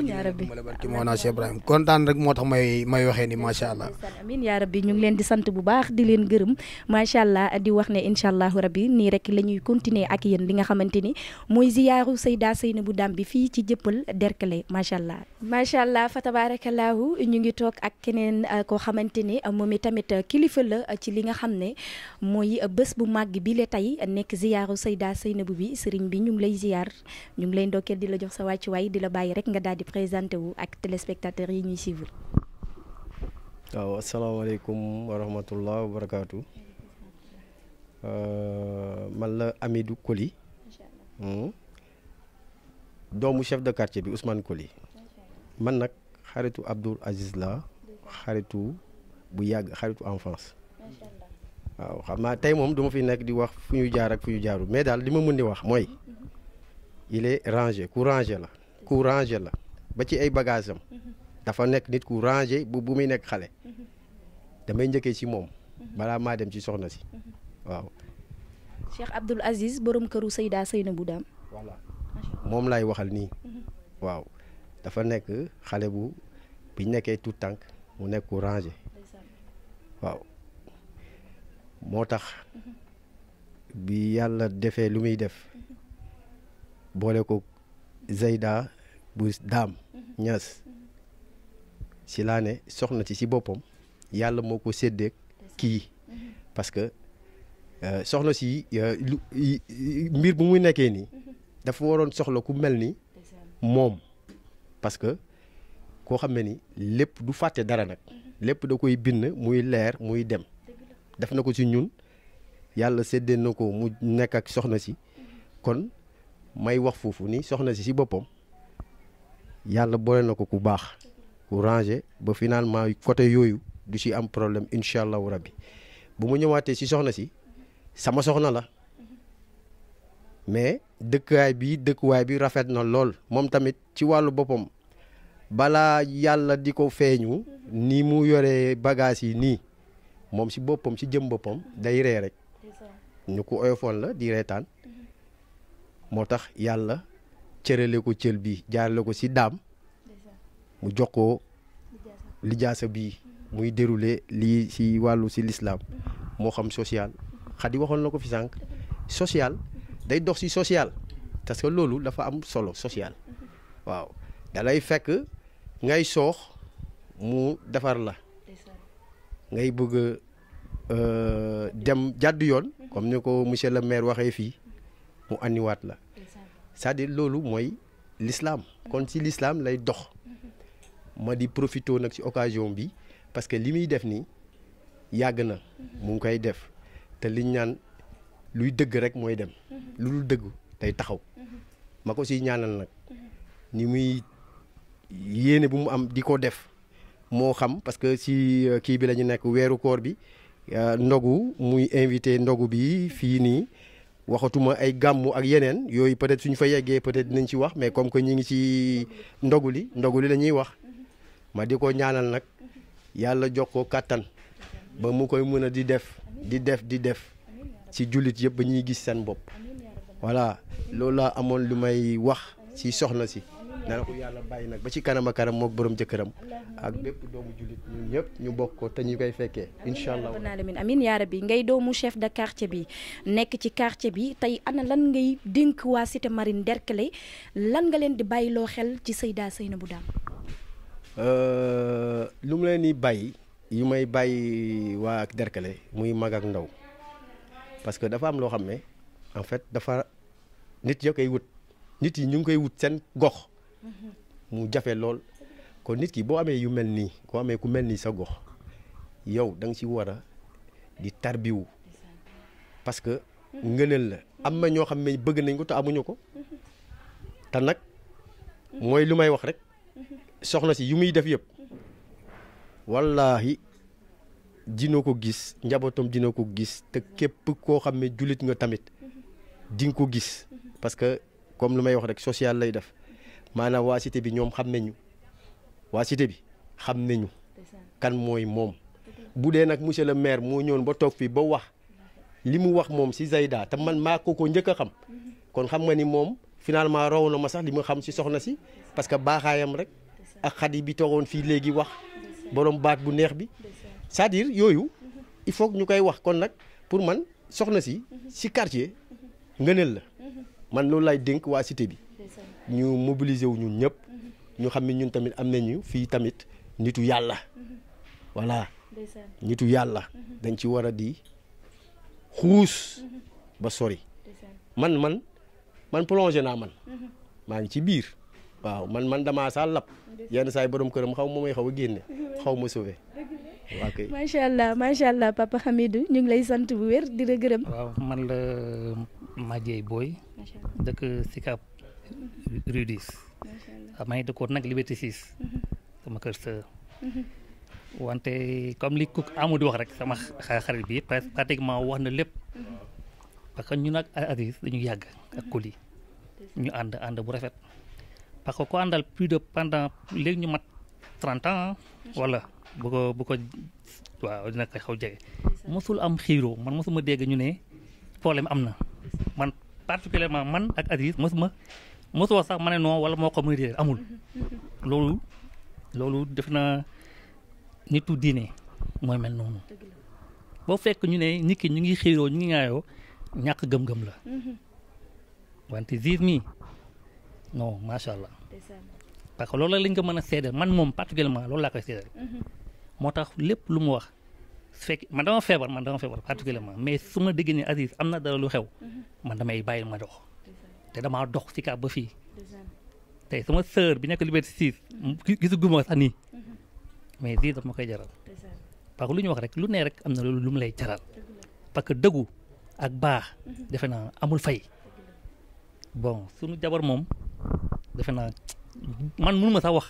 rabbi ñu leen di sant bu baax di leen gërëm macha allah di wax ne incha allahu rabbi nii rek la ñuy continuer ak yéen li nga xamante ni mooy ziyaaru Seyda Seynabou Dame bi fii ci jëppal Derklé macha allah allah fa tabarakallahu ñu ngi toog ak keneen eh, koo xamante ni moom itamit kilifa la eh, ci li nga xam ne mooy bés bu màgg bi le tey nekk ziyaaru Seyda Seynabou bi sëriñ bi ñu ngi lay ziyaar ñu lay ndokkeel di la jox sa wàccuwaay di la bàyyi rek nga daal di présenté wu ak téléspectateurs yi ñuy suivre. waaw asalaamaaleykum wa rahmatullah wa barakaatu euh, man la Amidou Koli hmm. doomu chef de quartier bi Ousmane Koli man nag xaritu Abdoul Aziz la xaritu bu yàgg xaritu enfance waaw xam naa tey moom du ma fi nekk di wax fu ñu jaar ak fu ñu jaarul mais daal li ma mën di wax mooy il est rangé ku rangé la ku rangé la ba ci ay bagages am dafa nekk nit ku rangé bu bu muy nekk xale damay njëkkee ci moom balaa maa dem ci soxna si waaw. Cheikh Abdoul Aziz borom këru Seyda Seynabou Dame. voilà moom laay waxal nii. Mhm. waaw dafa nekk xale bu bi nekkee tout tànk mu nekk ku rangé waaw. moo tax bi yàlla defee lu muy def boole ko Zeyda bu daam ñaas si laa ne soxna si si boppam yàlla moo ko séddeeg kii parce que euh, soxna si euh, mbir bu muy nekkee nii dafa waroon soxla ku mel ni moom parce que koo xam ne ni lépp du fàtte dara nag lépp da koy bind muy leer muy dem def na ko si ñun yàlla séddee na ko mu nekk ak soxna si kon may wax foofu ni soxna si si boppam yàlla boole na ko ku baax ku rangé ba finalement côté yooyu du si am problème incha allahu rabbi bu mu ñëwaatee si soxna si sama soxna la mais dëkkaay bi dëkkuwaay bi rafet na lool moom tamit ci wàllu boppam balaa yàlla di ko feeñu ni mu yoree bagage yi nii moom si boppam si jëm boppam day ree rek ñu ko oyofal la di reetaan moo tax yàlla cërale ko cël bi jaarale ko si daam mu jox ko lijaasa bi muy déroulé lii si wàllu si lislaam moo xam social xadi waxoon na ko fi sànq social day dox si social parce que loolu dafa am solo sociale waaw dalay fekk ngay soox mu defar la ngay bëgg a euh, dem jàdd yoon comme ni ko monsieur le maire waxee fii mu anniwaat la cest à loolu mooy lislaam kon si lislaam lay dox ma di profité nag ci occasion bi parce que li muy def nii yàgg na mu ngi koy def te liñ naan luy dëgg rek mooy dem lu dul dëgg tey taxaw ma ko siy ñaanal nag ni muy yéene bu mu am di ko def moo xam parce que si euh, kii bi lañu nekk weeru koor bi euh, ndogu muy invité ndogu bi fii nii waxatuma ay gàmmu ak yeneen yooyu peut-être suñ fa yeggee peut-être dinañ ci wax mais comme que ñu ngi ci ndogu li ndogu li lañuy wax ma di ko ñaanal nag yàlla jox ko kàttan ba mu koy mën a di def di def di def ci jullit yëpp ba ñuy gis seen bopp voilà loolu laa amoon lu may wax ci soxna si. nee ko yàlla bàyyi nag ba ci kanam kanam mook boroom jëkkëram ak bépp doomu jullit ñun ñëpp ñu bokk ko te ñu koy fekkee incha allah alamin amin yaa rabbi ngay doomu chef de quartier bi nekk ci quartier bi tey ana lan ngay dénk waa cité marine Derklé lan nga leen di bàyyi loo xel ci Seyda bu Dame euh, lu mu leen di bàyyi yu may bàyyi waa ak Derklé muy mag ak ndaw parce que dafa am loo xam ne en fait dafa nit ya koy wut nit yi ñu ngi koy wut seen gox mu jafe lool kon nit ki boo amee yu mel nii koo amee ku mel nii sa gox yow da nga ci war a di tarbiwu parce que ngëneel la am na ñoo xam ne bëgg nañ ko te amuñu ko te nag mooy lu may wax rek soxna si yu muy def yëpp wallaahi dina ko gis njabootam dina ko gis te képp koo xam ne jullit nga tamit di nga ko gis parce que comme lu may wax rek social lay def maanaam waa cité bi ñoom xam nañu waa cité bi xam nañu kan mooy moom bu dee nag monsieur le maire moo ñëwoon ba toog fii ba wax li mu wax moom si Zeyda te man maa ko ko njëkk a xam kon xam nga ni moom finalement raw na ma sax li ma xam si soxna si parce que baaxaayam rek ak xadi bi toogoon fii léegi wax borom baat bu neex bi cest yooyu il faut ñu koy wax kon nag pour man soxna si si quartier ngëneel la man loolu lay dénk waa cité bi ñu mobiliser wu ñun ñëpp ñu xam ne ñun tamit am nañu fii tamit nitu yàlla voilà nitu yàlla mhm. dañ ci war a di xuus mhm. ba sori man man man plongé naa man mhm. maa ngi ci biir waaw man man damaa saa lap yenn saa yi boroom këram xaw ma may xaw a génne xaw ma sauvé waaw macha allah macha allah papa Hamidou ñu ngi lay sant bu wér di la gërëm. man la Madiaye Boy rue 10. maa ngi dëkkoon nag Liberté 6. Mm-hmm. sama kër sa. Mm-hmm. wante comme li amul di wax rek sama xarit bi mm-hmm. pratiquement wax na lépp. parce que ñun ak Aziz dañu yàgg ak Coly ñu ànd ànd bu rafet parce que ko àndal plus de pendant léegi ñu mat trente ans wala bu ko bu ko waaw dina koy xaw jege mosul am xiiroo man mosuma dégg ñu ne problème am na man particulièrement man ak Aziz mosuma mosoo sax ma ne non wala moo xam ne réer amul mhm. Mhm. loolu loolu def na nitu diine mooy mel noonu boo fekk ñu ne nit ki ñu ngi xiiroo ñu ngi ñaayoo ñàkk gëm-gëm la mhm. wante ziir mi non macha allah parce que loolu lañ ko mën a seedal man moom particulièrement loolu laa koy seedal moo tax lépp lu mu wax fekk fekkee man dama feebar man dama feebar particulièrement mais su ma déggee ne Aziz am na dara lu xew man damay bàyyi ma dox. te damaa dox Sicap ba fii tey sama sœur bi nekk Liberté 6 gisaguma sax nii mhm. mais lii daf ma koy jaral parce lu ñu wax rek lu ne rek am na lu mu lay jaral parce que dëggu ak baax mhm. defe naa amul fay bon sunu jabar moom defe naa man mënuma sax wax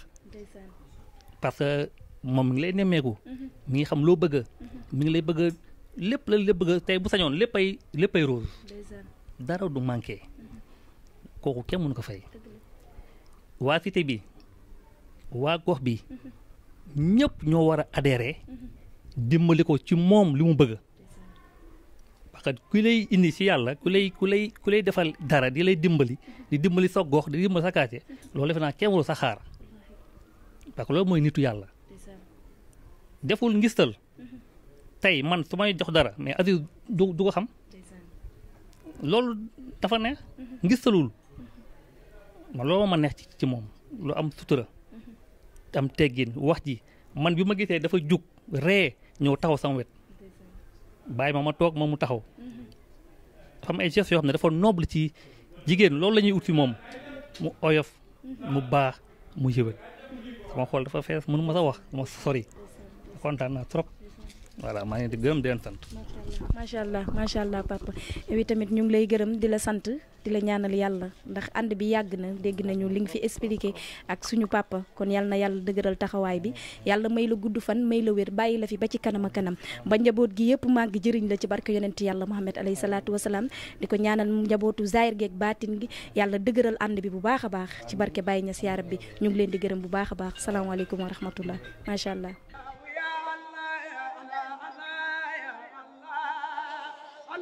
parce que moom ngi lay nemmeeku mhm. mi ngi xam loo bëgg mi ngi lay bëgg lépp la lépp bëgg tey bu sañoon léppay léppay rose dara du manqué kooku kenn mënu ko fay waa cité bi waa gox bi ñëpp ñoo war a adhéré dimbali ko ci moom li mu bëgg parce que ku lay indi si yàlla ku lay ku lay defal dara di lay dimbali di dimbali sa gox di dimbali sa quartier loolu defe mooy nitu yàlla deful ngistal tey man su may jox dara mais Aziz du du xam loolu dafa ne ngistalul man loolu ma neex ci moom lu am sutura mm-hmm. am teggin wax ji man bi ma gisee dafa jug ree ñëw taxaw sama wet bàyyi ma ma toog ma mu taxaw xam mm-hmm. ay gestes yoo xam ne dafa noble ci jigéen loolu lañuy ñuy ut fi moom mu oyof mm-hmm. mu baax mu yëwén sama xool dafa fees mënu ma sa wax ma sori kontaan naa trop voilà maa ngi leen di gërëm di sant. macha allah macha allah papa yow tamit ñu ngi lay gërëm di la sant di la ñaanal yàlla ndax ànd bi yàgg na dégg nañu li nga fi expliqué ak suñu papa kon yàlla na yàlla dëgëral taxawaay bi yàlla may la gudd fan may la wér bàyyi la fi ba ci kanam kanam ba njaboot gi yëpp màgg jëriñ la ci barke yonent yàlla Muhammad alayhi salaatu wasalaam di ko ñaanal njabootu zaahir geeg baatin gi yàlla dëgëral ànd bi bu baax a baax ci barke Baye Niass yaarab bi ñu ngi leen di gërëm bu baax a baax salaamaaleykum wa rahmatullah macha allah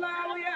الله يا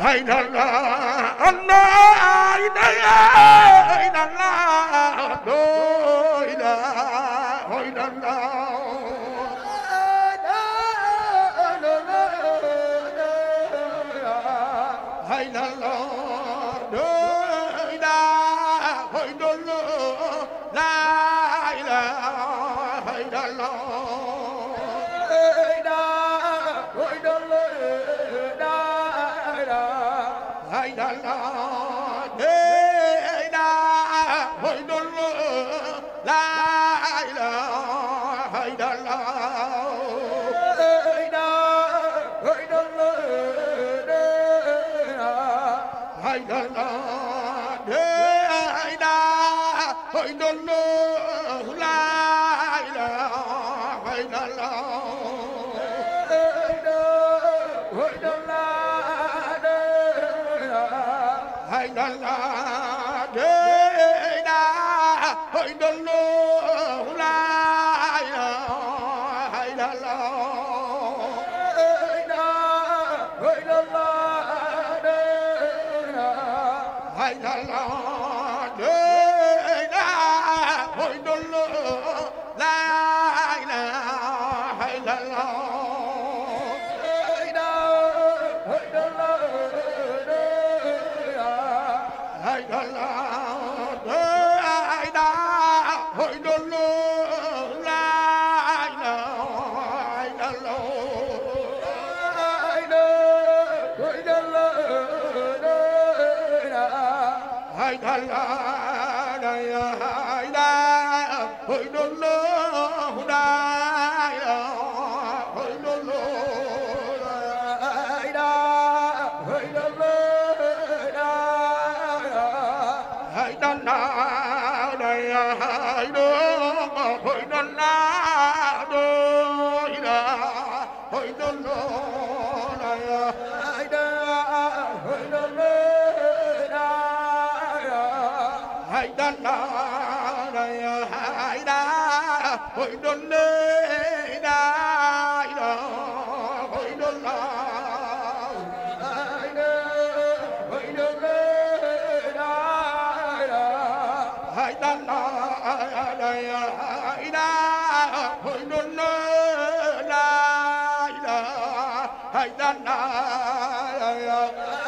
إلا الله الله إلا الله لا إله la la la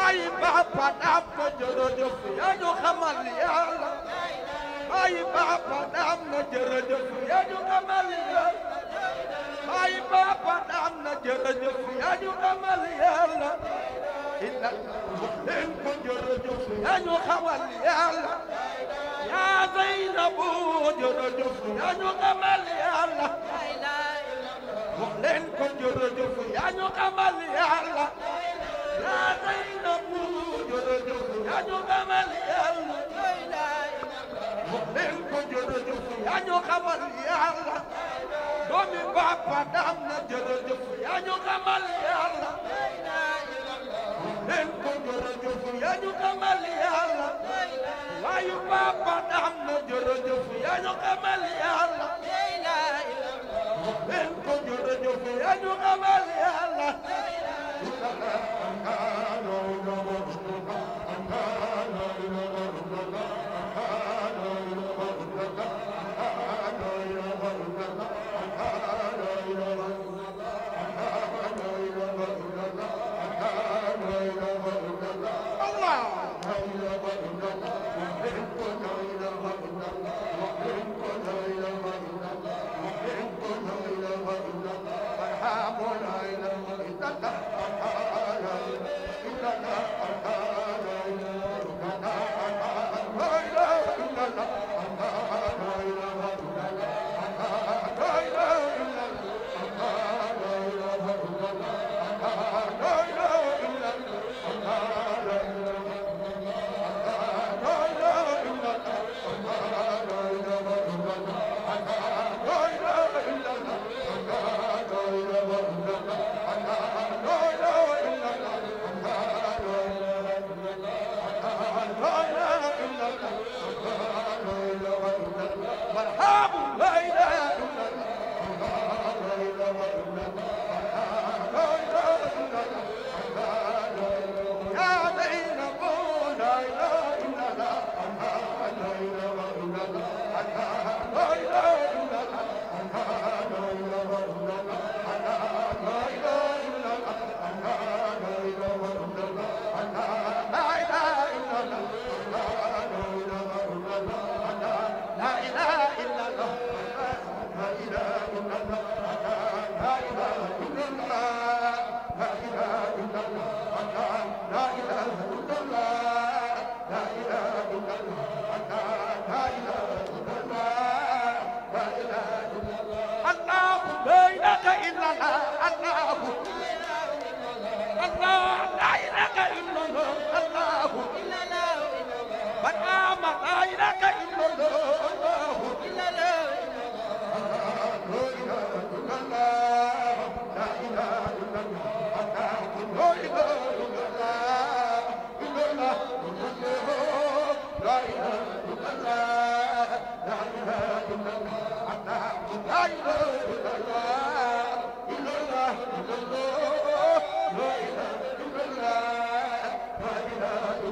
ay ba pa dab ko jërëjëf yaa ñu xamal yàlla ay papa dam na jërëjëf yaa ñu amal yàlla ay papa dam na jërëjëf yaa ñu amal yàlla illa leen ko jërëjëf yaa ñu xawal yàlla yaa Zeynabu jërëjëf yaa ñu amal yàlla wax leen ko jërëjëf yaa ñu amal yàlla yaa Zeynabu jërëjëf yaa ñu amal yàlla min ko jërëjëf yaa ñu xamal yàlla doomi papa dam na jërëjëf yaa ñu xamal yàlla min ko jërëjëf yaa ñu xamal yàlla waayu papa dam na jërëjëf yaa ñu xamal yàlla min ko jërëjëf yaa ñu xamal yàlla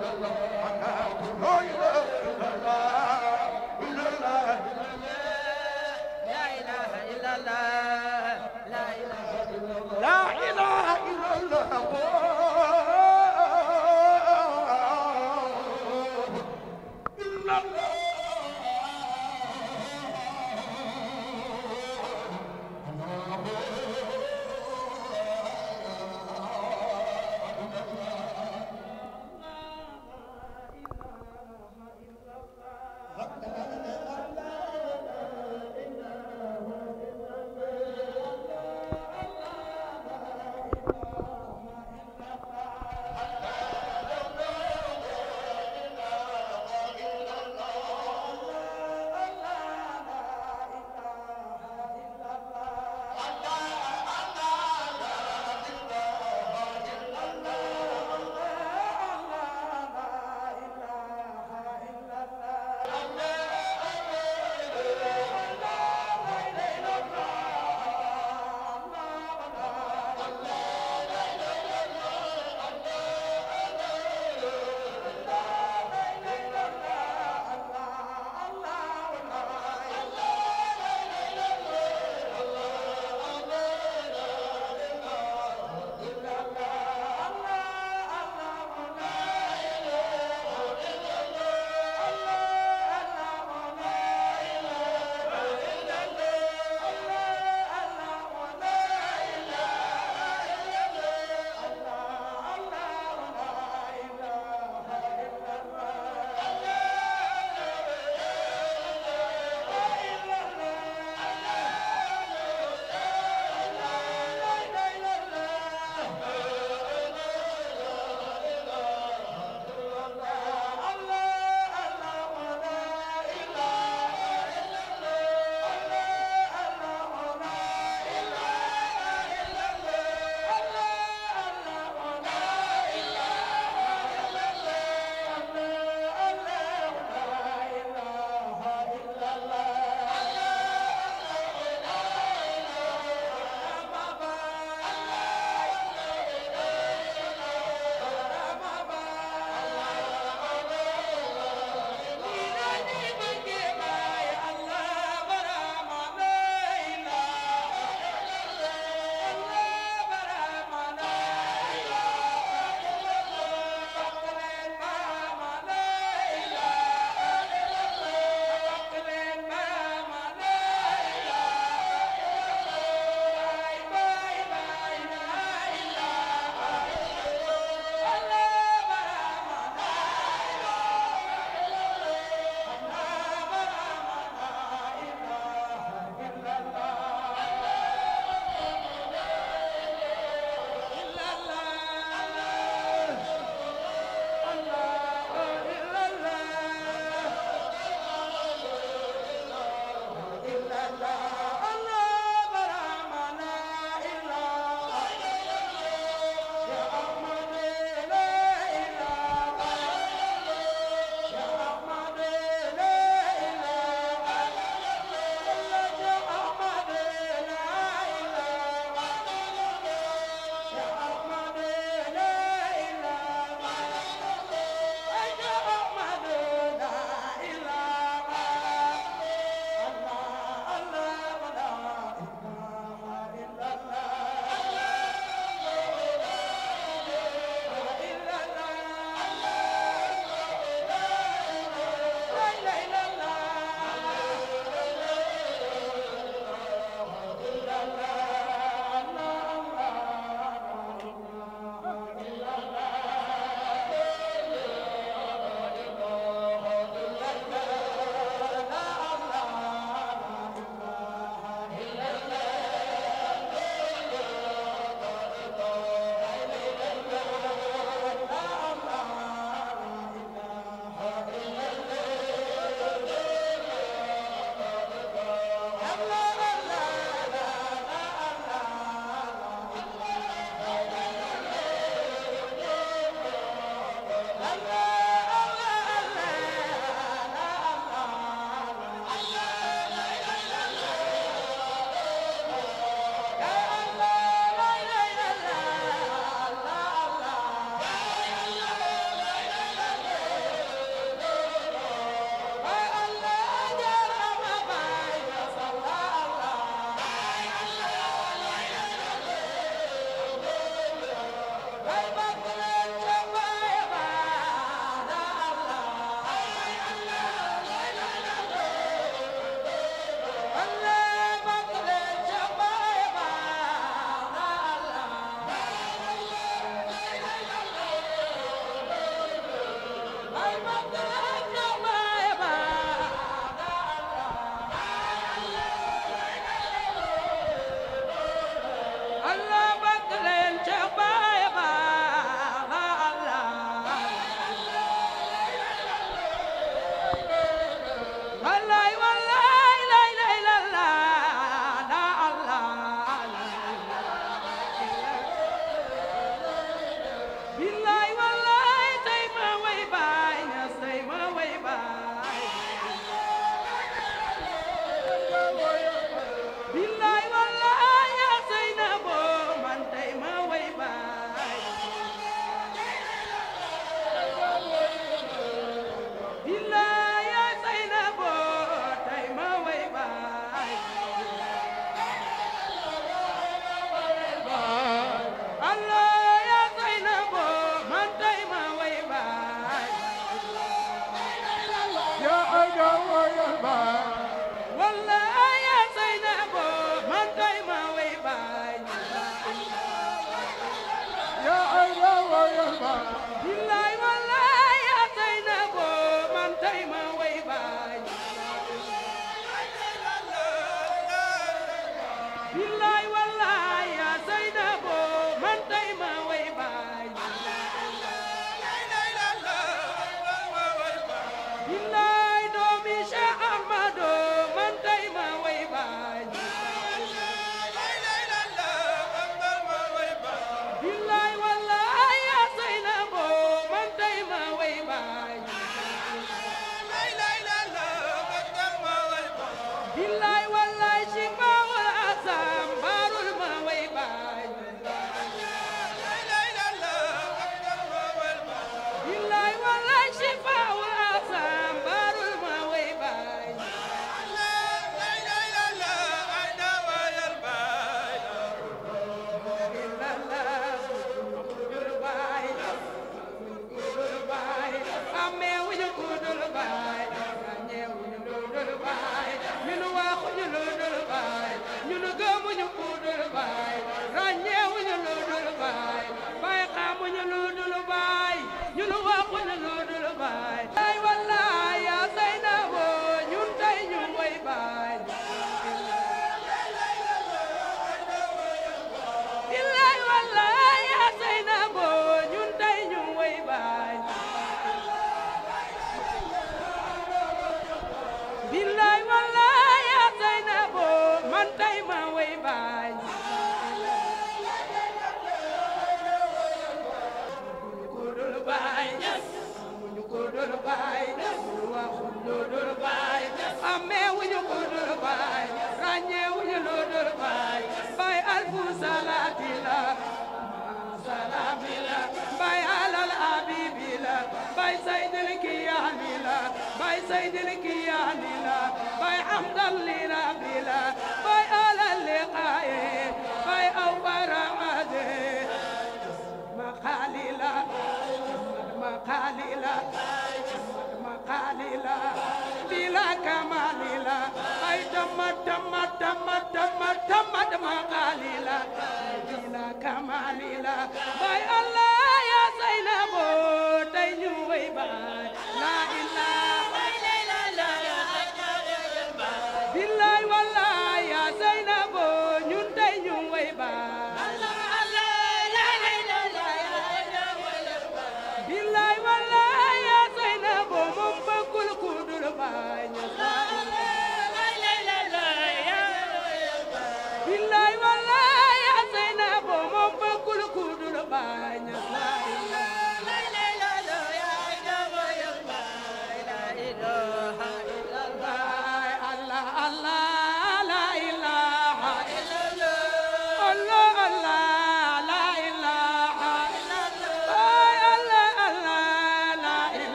الله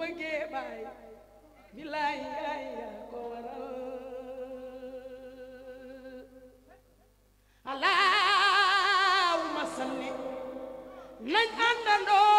bëggee baay bilaay yaay yaa ko waral allahumma salli nañ àndandoo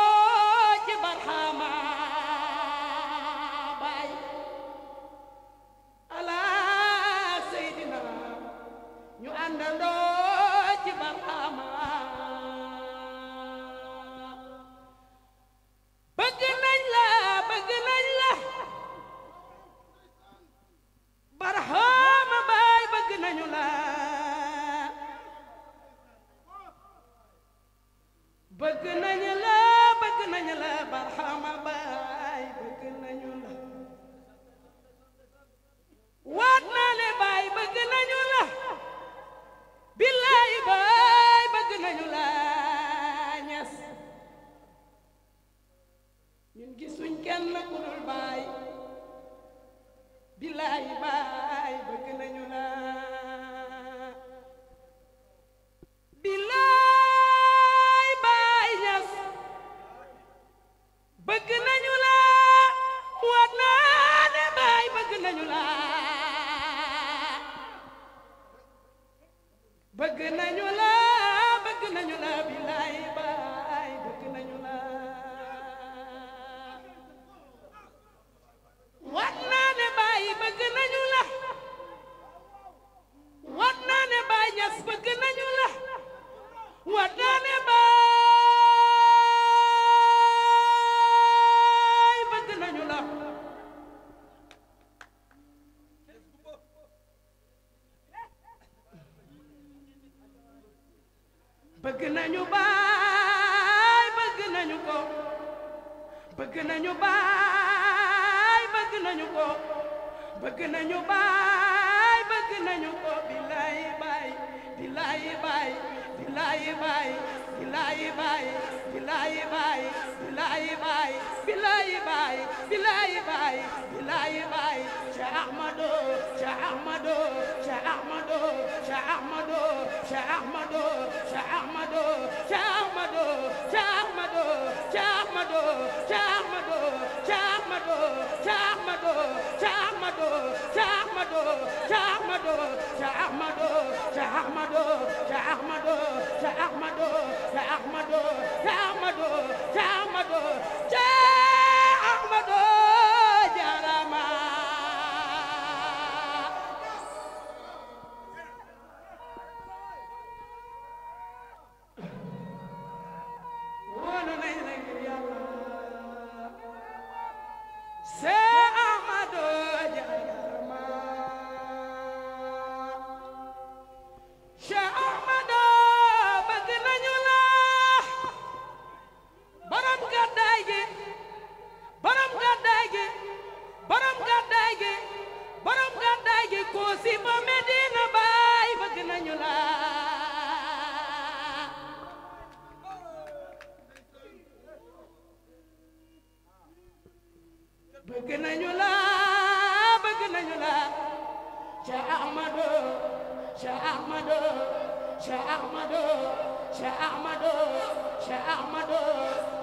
Ahmadu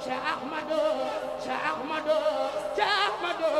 Ahmadu Ahmadu Ahmadu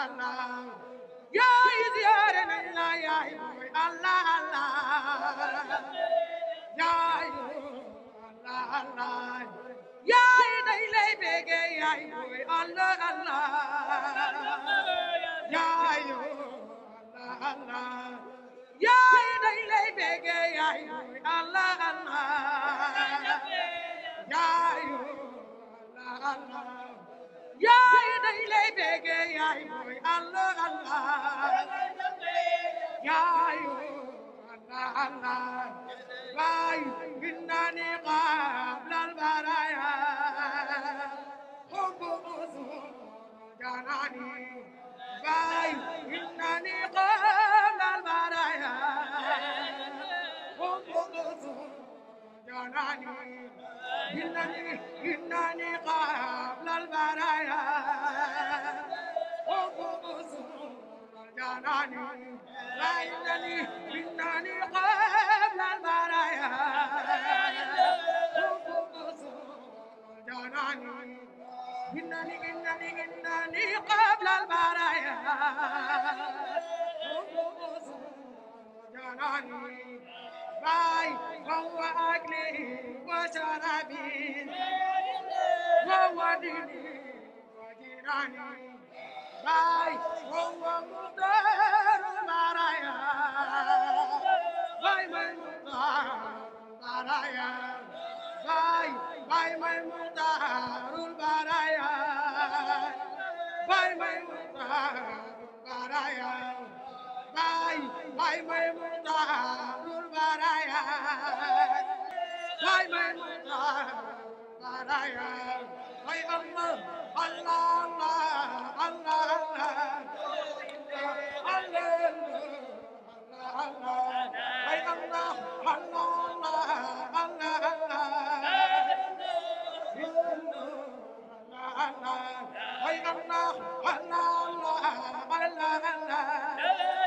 allah yaay ziyaare nañ la yaay mooy allah allah yaay allah allah yaay dañ lay bége yaay mooy allah allah yaay allah allah yaay dañ lay bége yaay mooy allah allah yaay allah allah day lay bége yaay mooy allah allah yaayu allah allah waayu innani qabla albaraya حب أزهر جناني بايو إنني قبل البرايا حب أزهر جناني إنني إنني قبل البرايا أقوم جناني لا إنني إنني قبل البرايا أقوم جناني إنني إنني إنني قبل البرايا أقوم جناني باي وهو أكلي وشربي وهو ديني وجيراني باي وهو مدار مرايا باي من مدار مرايا باي باي من مدار مرايا باي من مدار مرايا তাই ভাই মাই মুতা দুর্বারায় ভাই মাই মুতা বারায় ভাই আম্মা আল্লাহ আল্লাহ আল্লাহ আল্লাহ আল্লাহ ভাই আম্মা আল্লাহ আল্লাহ আল্লাহ আল্লাহ ভাই আম্মা আল্লাহ আল্লাহ আল্লাহ আল্লাহ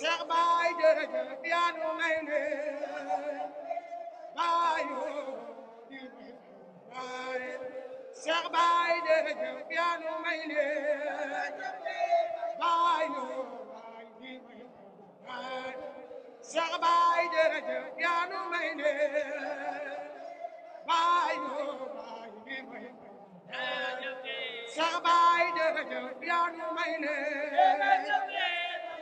Cheikh Baay jërëjëf yaa nu baay Cheikh Baay jërëjëf yaa nu may ne baayu baay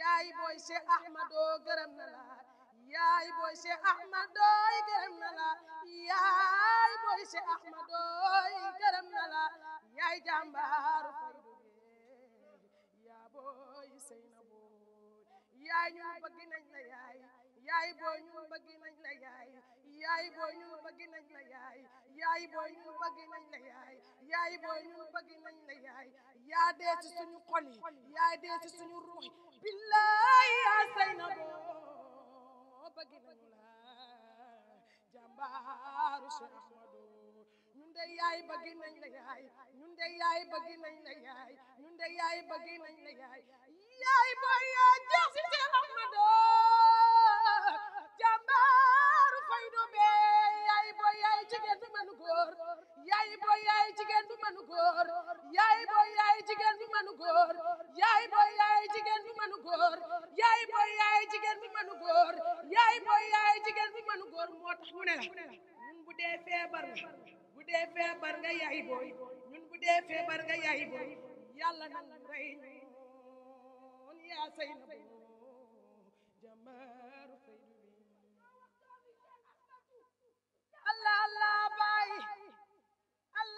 yaay booy Cheikh Ahmadou gërëm na la yaay booy Cheikh Ahmadou gërëm na la yaay booy Cheikh Ahmadou gërëm na la yaay yaa booy Seynabou yaay la yaay ñun bëgg nañ la yaay yaay booy ñun bëgg nañ la yaay yaay booy ñun bëgg nañ la yaay yaay booy ñun bëgg nañ la yaay yaa dee ci suñu xol yi yaa dee ci suñu ruux yi billaay yaa say na boo bëgg nañu la jàmbaaru Cheikh Ahmadou ñun de yaay bëgg nañ la yaay ñun de yaay bëgg nañ la yaay ñun de yaay bëgg nañ la yaay yaay booy yaa jeex ci Cheikh Ahmadou jàmbaaru faydu bee yaay boy yaay jigéen du mën góor yaay boy yaay jigéen du mën góor yaay boy yaay jigéen du boy yaay jigéen du mën góor yaay boy yaay boy yaay jigéen du mën góor moo tax mu ne la ñun bu dee feebar nga bu dee feebar nga yaay boy ñun bu dee feebar nga yaay boy yàlla na rey ñun yaa say na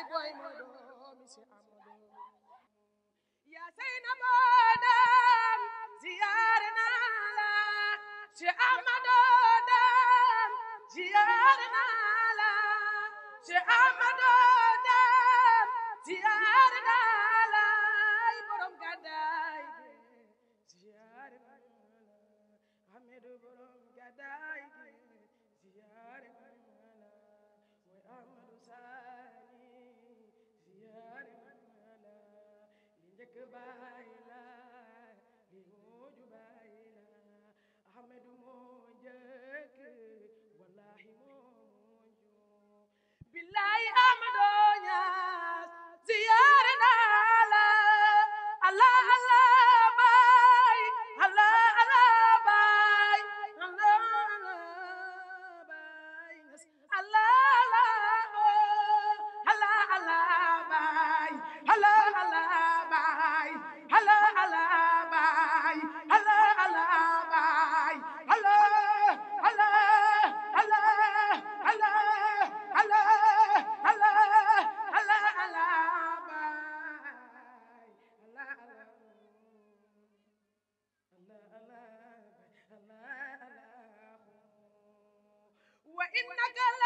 yaay yaa say na boo dem ziyaare naa la si amadu dem innaka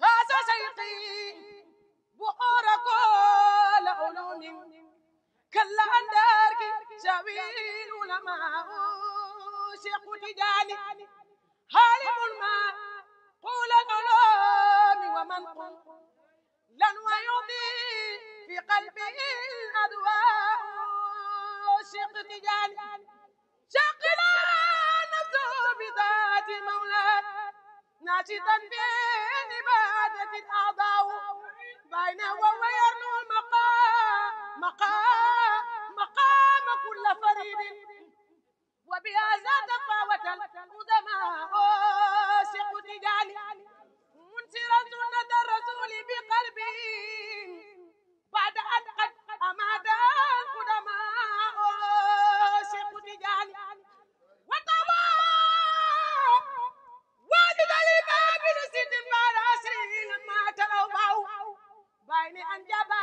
غاز شيقي بحورك لعلوم كلا دارك جميل علماء شيخ تجاني عالم الماء قول العلوم ومن قل لن ويضيء في قلبه الأذواء شيخ تجاني شاقلا نفسه بذات مولاه ناشطا بين إبادة الأعضاء بينه ويرنو المقام مقام مقام كل فريد وبهذا تفاوت القدماء شق تجاني منسرا سنة الرسول بقلبه بعد أن قد أمات القدماء شق تجاني bayni an jaba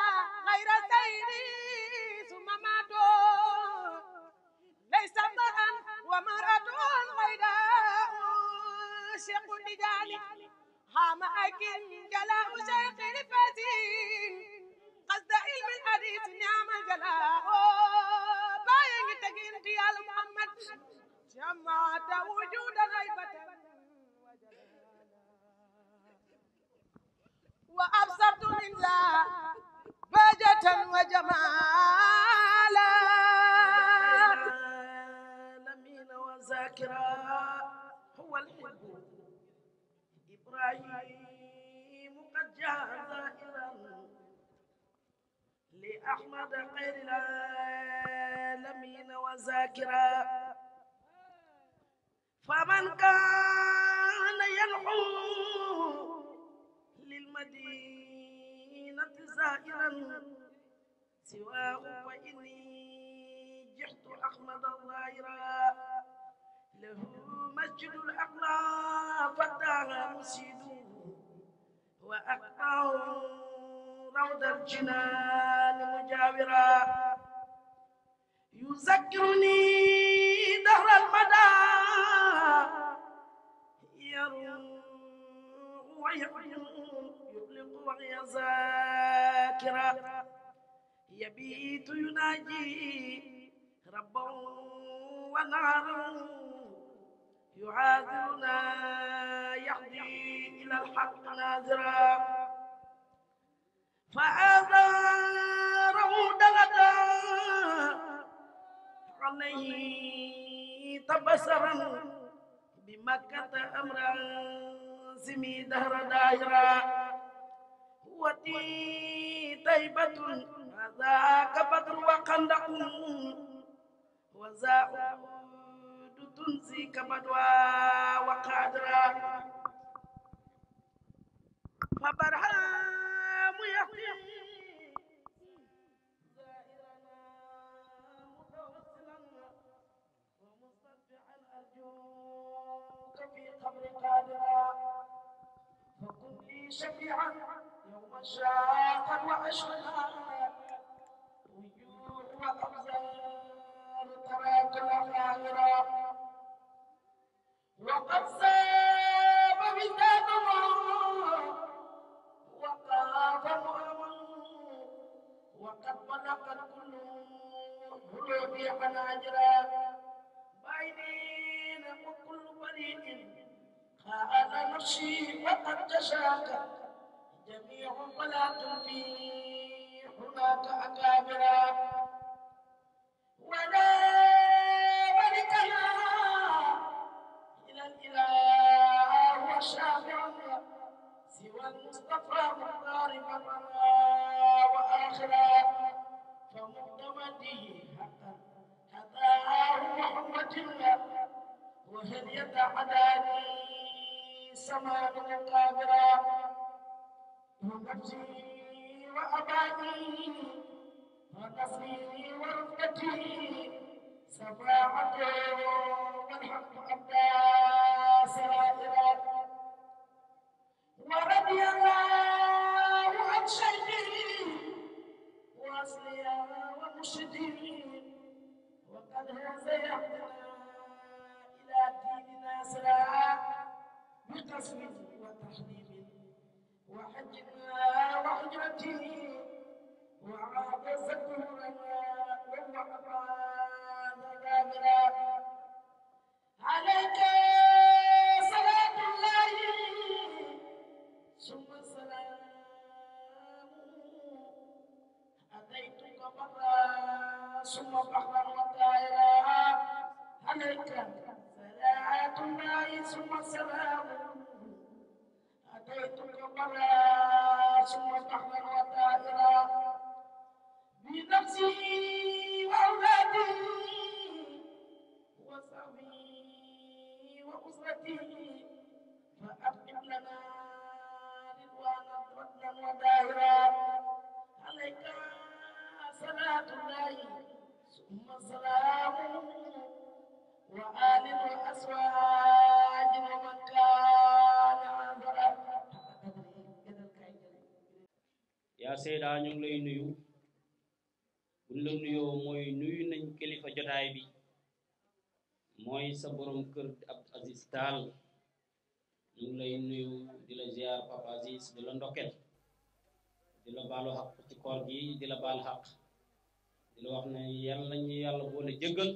xayra saydi suma maato laysa maran wa maratun xayda cheikhu ndijaani xaama akin jalaa u cheikhi rifatin qasda ilmi hadis niamal jalaa baa ngi tegin ti yàlla muhammad jamaata wujudan aybatan وأبصرت إلا بهجة وجمالا العالمين وذاكرا هو الحب إبراهيم قد جاء زائرا لأحمد خير العالمين وذاكرا فمن كان يلحو للمدينة زائرا سواه وإني جحت أحمد ظاهرا له مسجد الأقلى فتاه مسجده وأقطعه روض الجنان مجاورا يذكرني دهر المدى يروي يغلق وهي ذاكرة يبيت يناجي ربه ونهره يعاذرنا يهدي إلى الحق ناذرا فآذره دلدا عليه تبصرا بمكة أمرا سمي دهر دائرة وتي طيبة ذاك بدر وقندق وزاء تنزي كبدوا وقادرا فبرهام يقيم شفيعا يوم شاقا وأشقا وجوه وأبزار تراك الأخيرا وقد ساب بذات الله وقاف مؤمن وقد ولقت كل قلوبي حناجرا بعيدين وكل بريد خاذ نفسي تشاء جميع ولا تنفي هناك أكابرا ولا ملكها إلى الإله والشافع سوى المصطفى مضاربا وآخرا فمقدمته حقا هداه محمد الله وهل يتعداني السماء قادرا ونفسي وأبادي ونصري ورفقتي سفاعة والحق أبدا سرائرا ورضي الله عن شيخي واصليا ومرشدي وقد هذا يهدنا إلى ديننا سرائرا بتسليم وتحميم وحجنا وحجرتي وعاد سكرنا والمقعد غادرا عليك صلاة الله ثم السلام أتيتك مرة ثم بحرا وطائرا عليك صلاة الله ثم السلام وقيتم القرى ثم اصبحنا وطائرا بنفسه واولاده وصحبه واسرته فاقم لنا رضوانا فضلا ودائرا عليك صلاه الله ثم سلامه وال وازواج ومن كان yaa Seyda ñu ngi lay nuyu buñ la nuyoo mooy nuyu nañ kilifa jotaay bi mooy sa borom kër ab Aziz Tall ñu ngi lay nuyu di la ziar Papa Aziz di la ndokkel di la baalu xaq ci koor gi di la baal xaq di la wax ne yàlla nañu yàlla boole jëggal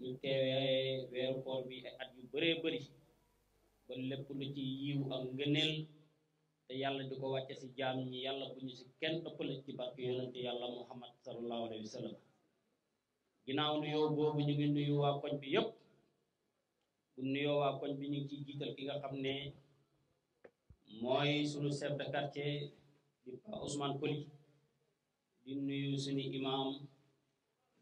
ñu teewee weeru koor bi at yu bëree bëri ba lépp lu ci yiw ak ngëneel te yàlla di ko wàcce si jaam ñi yàlla bu ñu si kenn ëppale ci barke yonente yàlla muhammad sallallahu alayhi wa sallam ginnaaw nuyoo boobu ñu ngi nuyu waa koñ bi yépp bu nuyoo waa koñ bi ñu ngi ciy jiital ki nga xam ne mooy suñu chef de quartier di Pa Ousmane Koli di nuyu suñu imam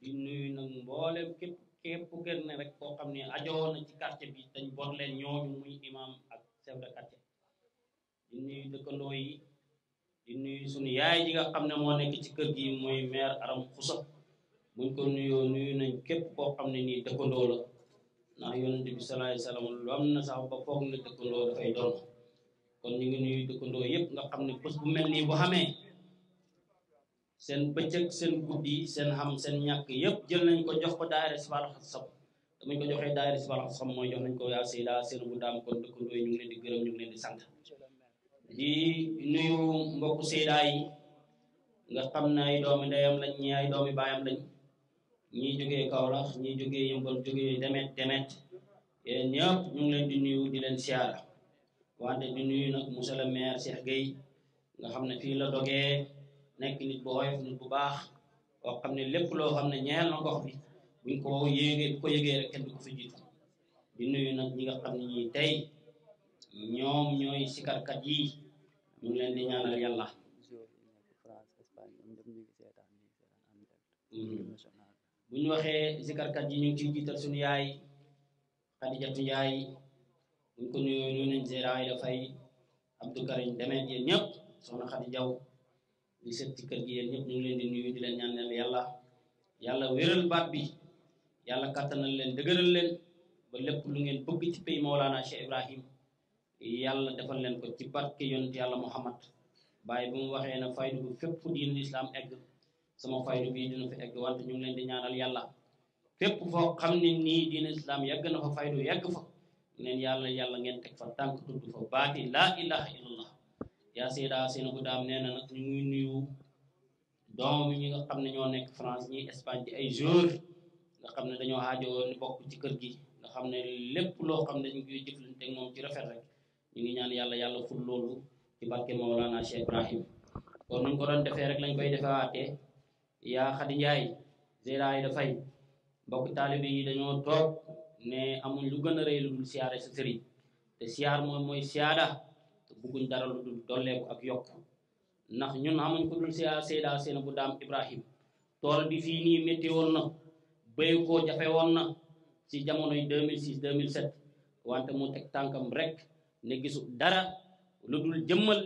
di nuyu nag mboolem képp képp kenn rek koo xam ne ajoo ci quartier bi dañ boot leen ñooñu muy imam ak chef de quartier di dëkkandoo yi di nuyu suñu yaay yi nga xam ne moo nekk ci kër gi mooy maire aram xusa buñ ko nuyoo nuyu nañ képp koo xam ne nii dëkkandoo la ndax yoon bi sallallahu alayhi wasallam lu am na sax ba foog na dëkkandoo dafay doon kon ñu ngi nuyu dëkkandoo yëpp nga xam ne bés bu mel nii bu xamee seen bëccëg seen guddi seen xam seen ñàkk yëpp jël nañ ko jox ko daayira Sibal Xam-Xam damañ ko joxee daayira Sibal Xam-Xam mooy jox nañ ko yaa Seyda seen bu daam kon dëkkandoo ñu ngi leen di gërëm ñu ngi leen di sant di nuyu mbokku séedaa yi nga xam na ay doomi ndeyam lañ ñi ay doomi baayam jóge ñii jógee Kaolack ñii jógee Yëmbal jógee demet demet yéen ñëpp ñu ngi leen di nuyu di leen siyaara wante di nuyu na monsieur le maire Cheikh nga xam ne fii la dogee nekk nit bu bu baax koo xam ne lépp loo xam ne ñeel na gox bi buñ ko yéegee bu ko rek kenn du ko fi jiitu di nuyu nag ñi nga xam ne ñii tey ñoom ñooy sikarkat yi ñu ngi leen di ñaanal yàlla mm. bu ñu waxee sikarkat yi ñu ngi ciy jiital suñu yaay Xadijatu yaay buñ ko nuyoo ñu nañ Zeraay dafay Abdou Karim demee yéen ñëpp soxna Xadi Jaw di seet ci kër gi yéen ñëpp ñu ngi leen di nuyu di leen ñaanal yàlla yàlla wéral baat bi yàlla kàttanal leen dëgëral leen ba lépp lu ngeen bëgg ci pays Mawlana Cheikh Ibrahim yàlla defal leen ko ci barke yonent yàlla Muhammad bàyyi bu mu waxee na faydu bi fépp fu diin lislaam egg sama faydu bi dina fi egg wante ñu leen di ñaanal yàlla fépp foo xam ne nii diin lislaam yàgg na fa faydu yàgg fa ne yàlla yàlla ngeen teg fa tànk tudd fa baati laa ilaha illallah yaa seeda seena bu daam nee na nag ngi nuyu doom ñi xam ne ñoo nekk France ñi Espagne ci ay joueurs nga xam ne dañoo xaajoo ni bokk ci kër gi nga xam ne lépp loo xam ne dañ ñu ngi ñaan yàlla yàlla ful loolu ci barke Mawlana Cheikh Ibrahim kon nuñ ko doon defee rek lañ koy defewaatee yaa Xadi Njaay Zeyda yi dafay mbokk taalibe yi dañoo toog ne amuñ lu gën a rëy lu dul siyaare sa sëriñ te siyaar moom mooy siyaada te bugguñ dara lu dul dolleeku ak yokk ndax ñun amuñ ko dul siyaar Seyda Seyna bu Daam Ibrahim tool bi fii nii métti woon na béy koo jafe woon na ci jamonoy 2006 2007 wante mu teg tànkam rek ne gisul dara lu dul jëmmal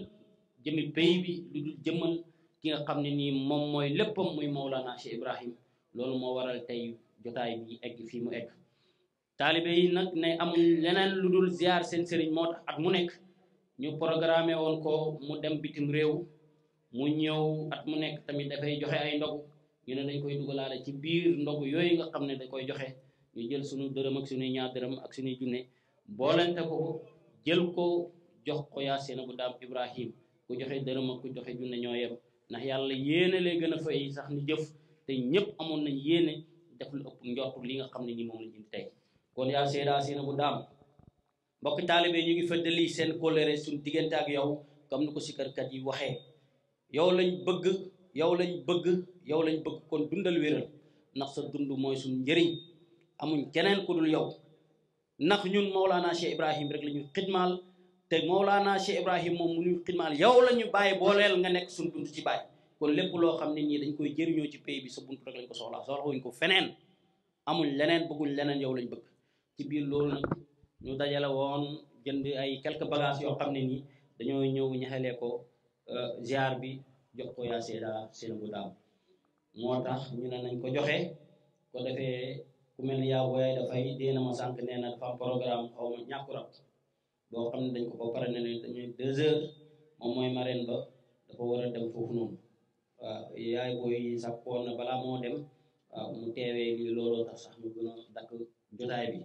jëmi pays bi lu dul jëmmal ki nga xam ne nii moom mooy léppam muy Mawlana Cheikh Ibrahim loolu moo waral tey jotaay bi egg fii mu egg taalibe yi nag ne amul leneen lu dul ziar seen sëriñ moo tax at mu nekk ñu programmé woon ko mu dem bitim réew mu ñëw at mu nekk tamit dafay joxe ay ndogu ñu ne dañ koy dugalaale ci biir ndogu yooyu nga xam ne da koy joxe ñu jël sunu dërëm ak sunuy ñaar dërëm ak sunuy junne boolente ko jël ko jox ko yaa Yaasina bu daam Ibrahim ku joxe dërëm ak ku joxe junne ñoo yem ndax yàlla yéene le gën a fay sax ni jëf te ñëpp amoon nañ yéene def lu ëpp njortu li nga xam ne ni moom la ñu tey kon yaa seeda Yaasina bu daam mbokk taalibe ñu ngi fëddali seen kóllëre suñ diggante ak yow comme ni ko sikkarkat yi waxee yow lañ bëgg yow lañ bëgg yow lañ bëgg kon dundal wéral ndax sa dund mooy suñ njëriñ amuñ keneen ku dul yow ndax ñun Mawlana Cheikh Ibrahim rek la ñu xidmaal te Mawlana Cheikh Ibrahim moom mu ñu xidmaal yow la ñu bàyyi booleel nga nekk suñ ci bàyyi kon lépp loo xam ne nii dañ koy jëriñoo ci pays bi sa bunt rek lañ ko soxlaa soxla wuñ ko feneen amuñ leneen bëgguñ leneen yow lañ bëgg ci biir loolu nag ñu dajale woon jënd ay quelques bagages yoo xam ne nii dañoo ñëw ñaxalee ko euh, ziar bi jox ko yaa seeda seen moo tax ñu ne nañ ko joxe ko defee ku mel ni yaa booyay dafay dee na ma sànq nee na dafa am programme xaw ma boo xam ne dañ ko ba pare ne dañuy deux heures moom mooy marraine ba dafa war a dem foofu noonu waaw yaay sa sàkkoon na balaa moo dem waaw mu teewee lii looloo tax sax ñu dakk jotaay bi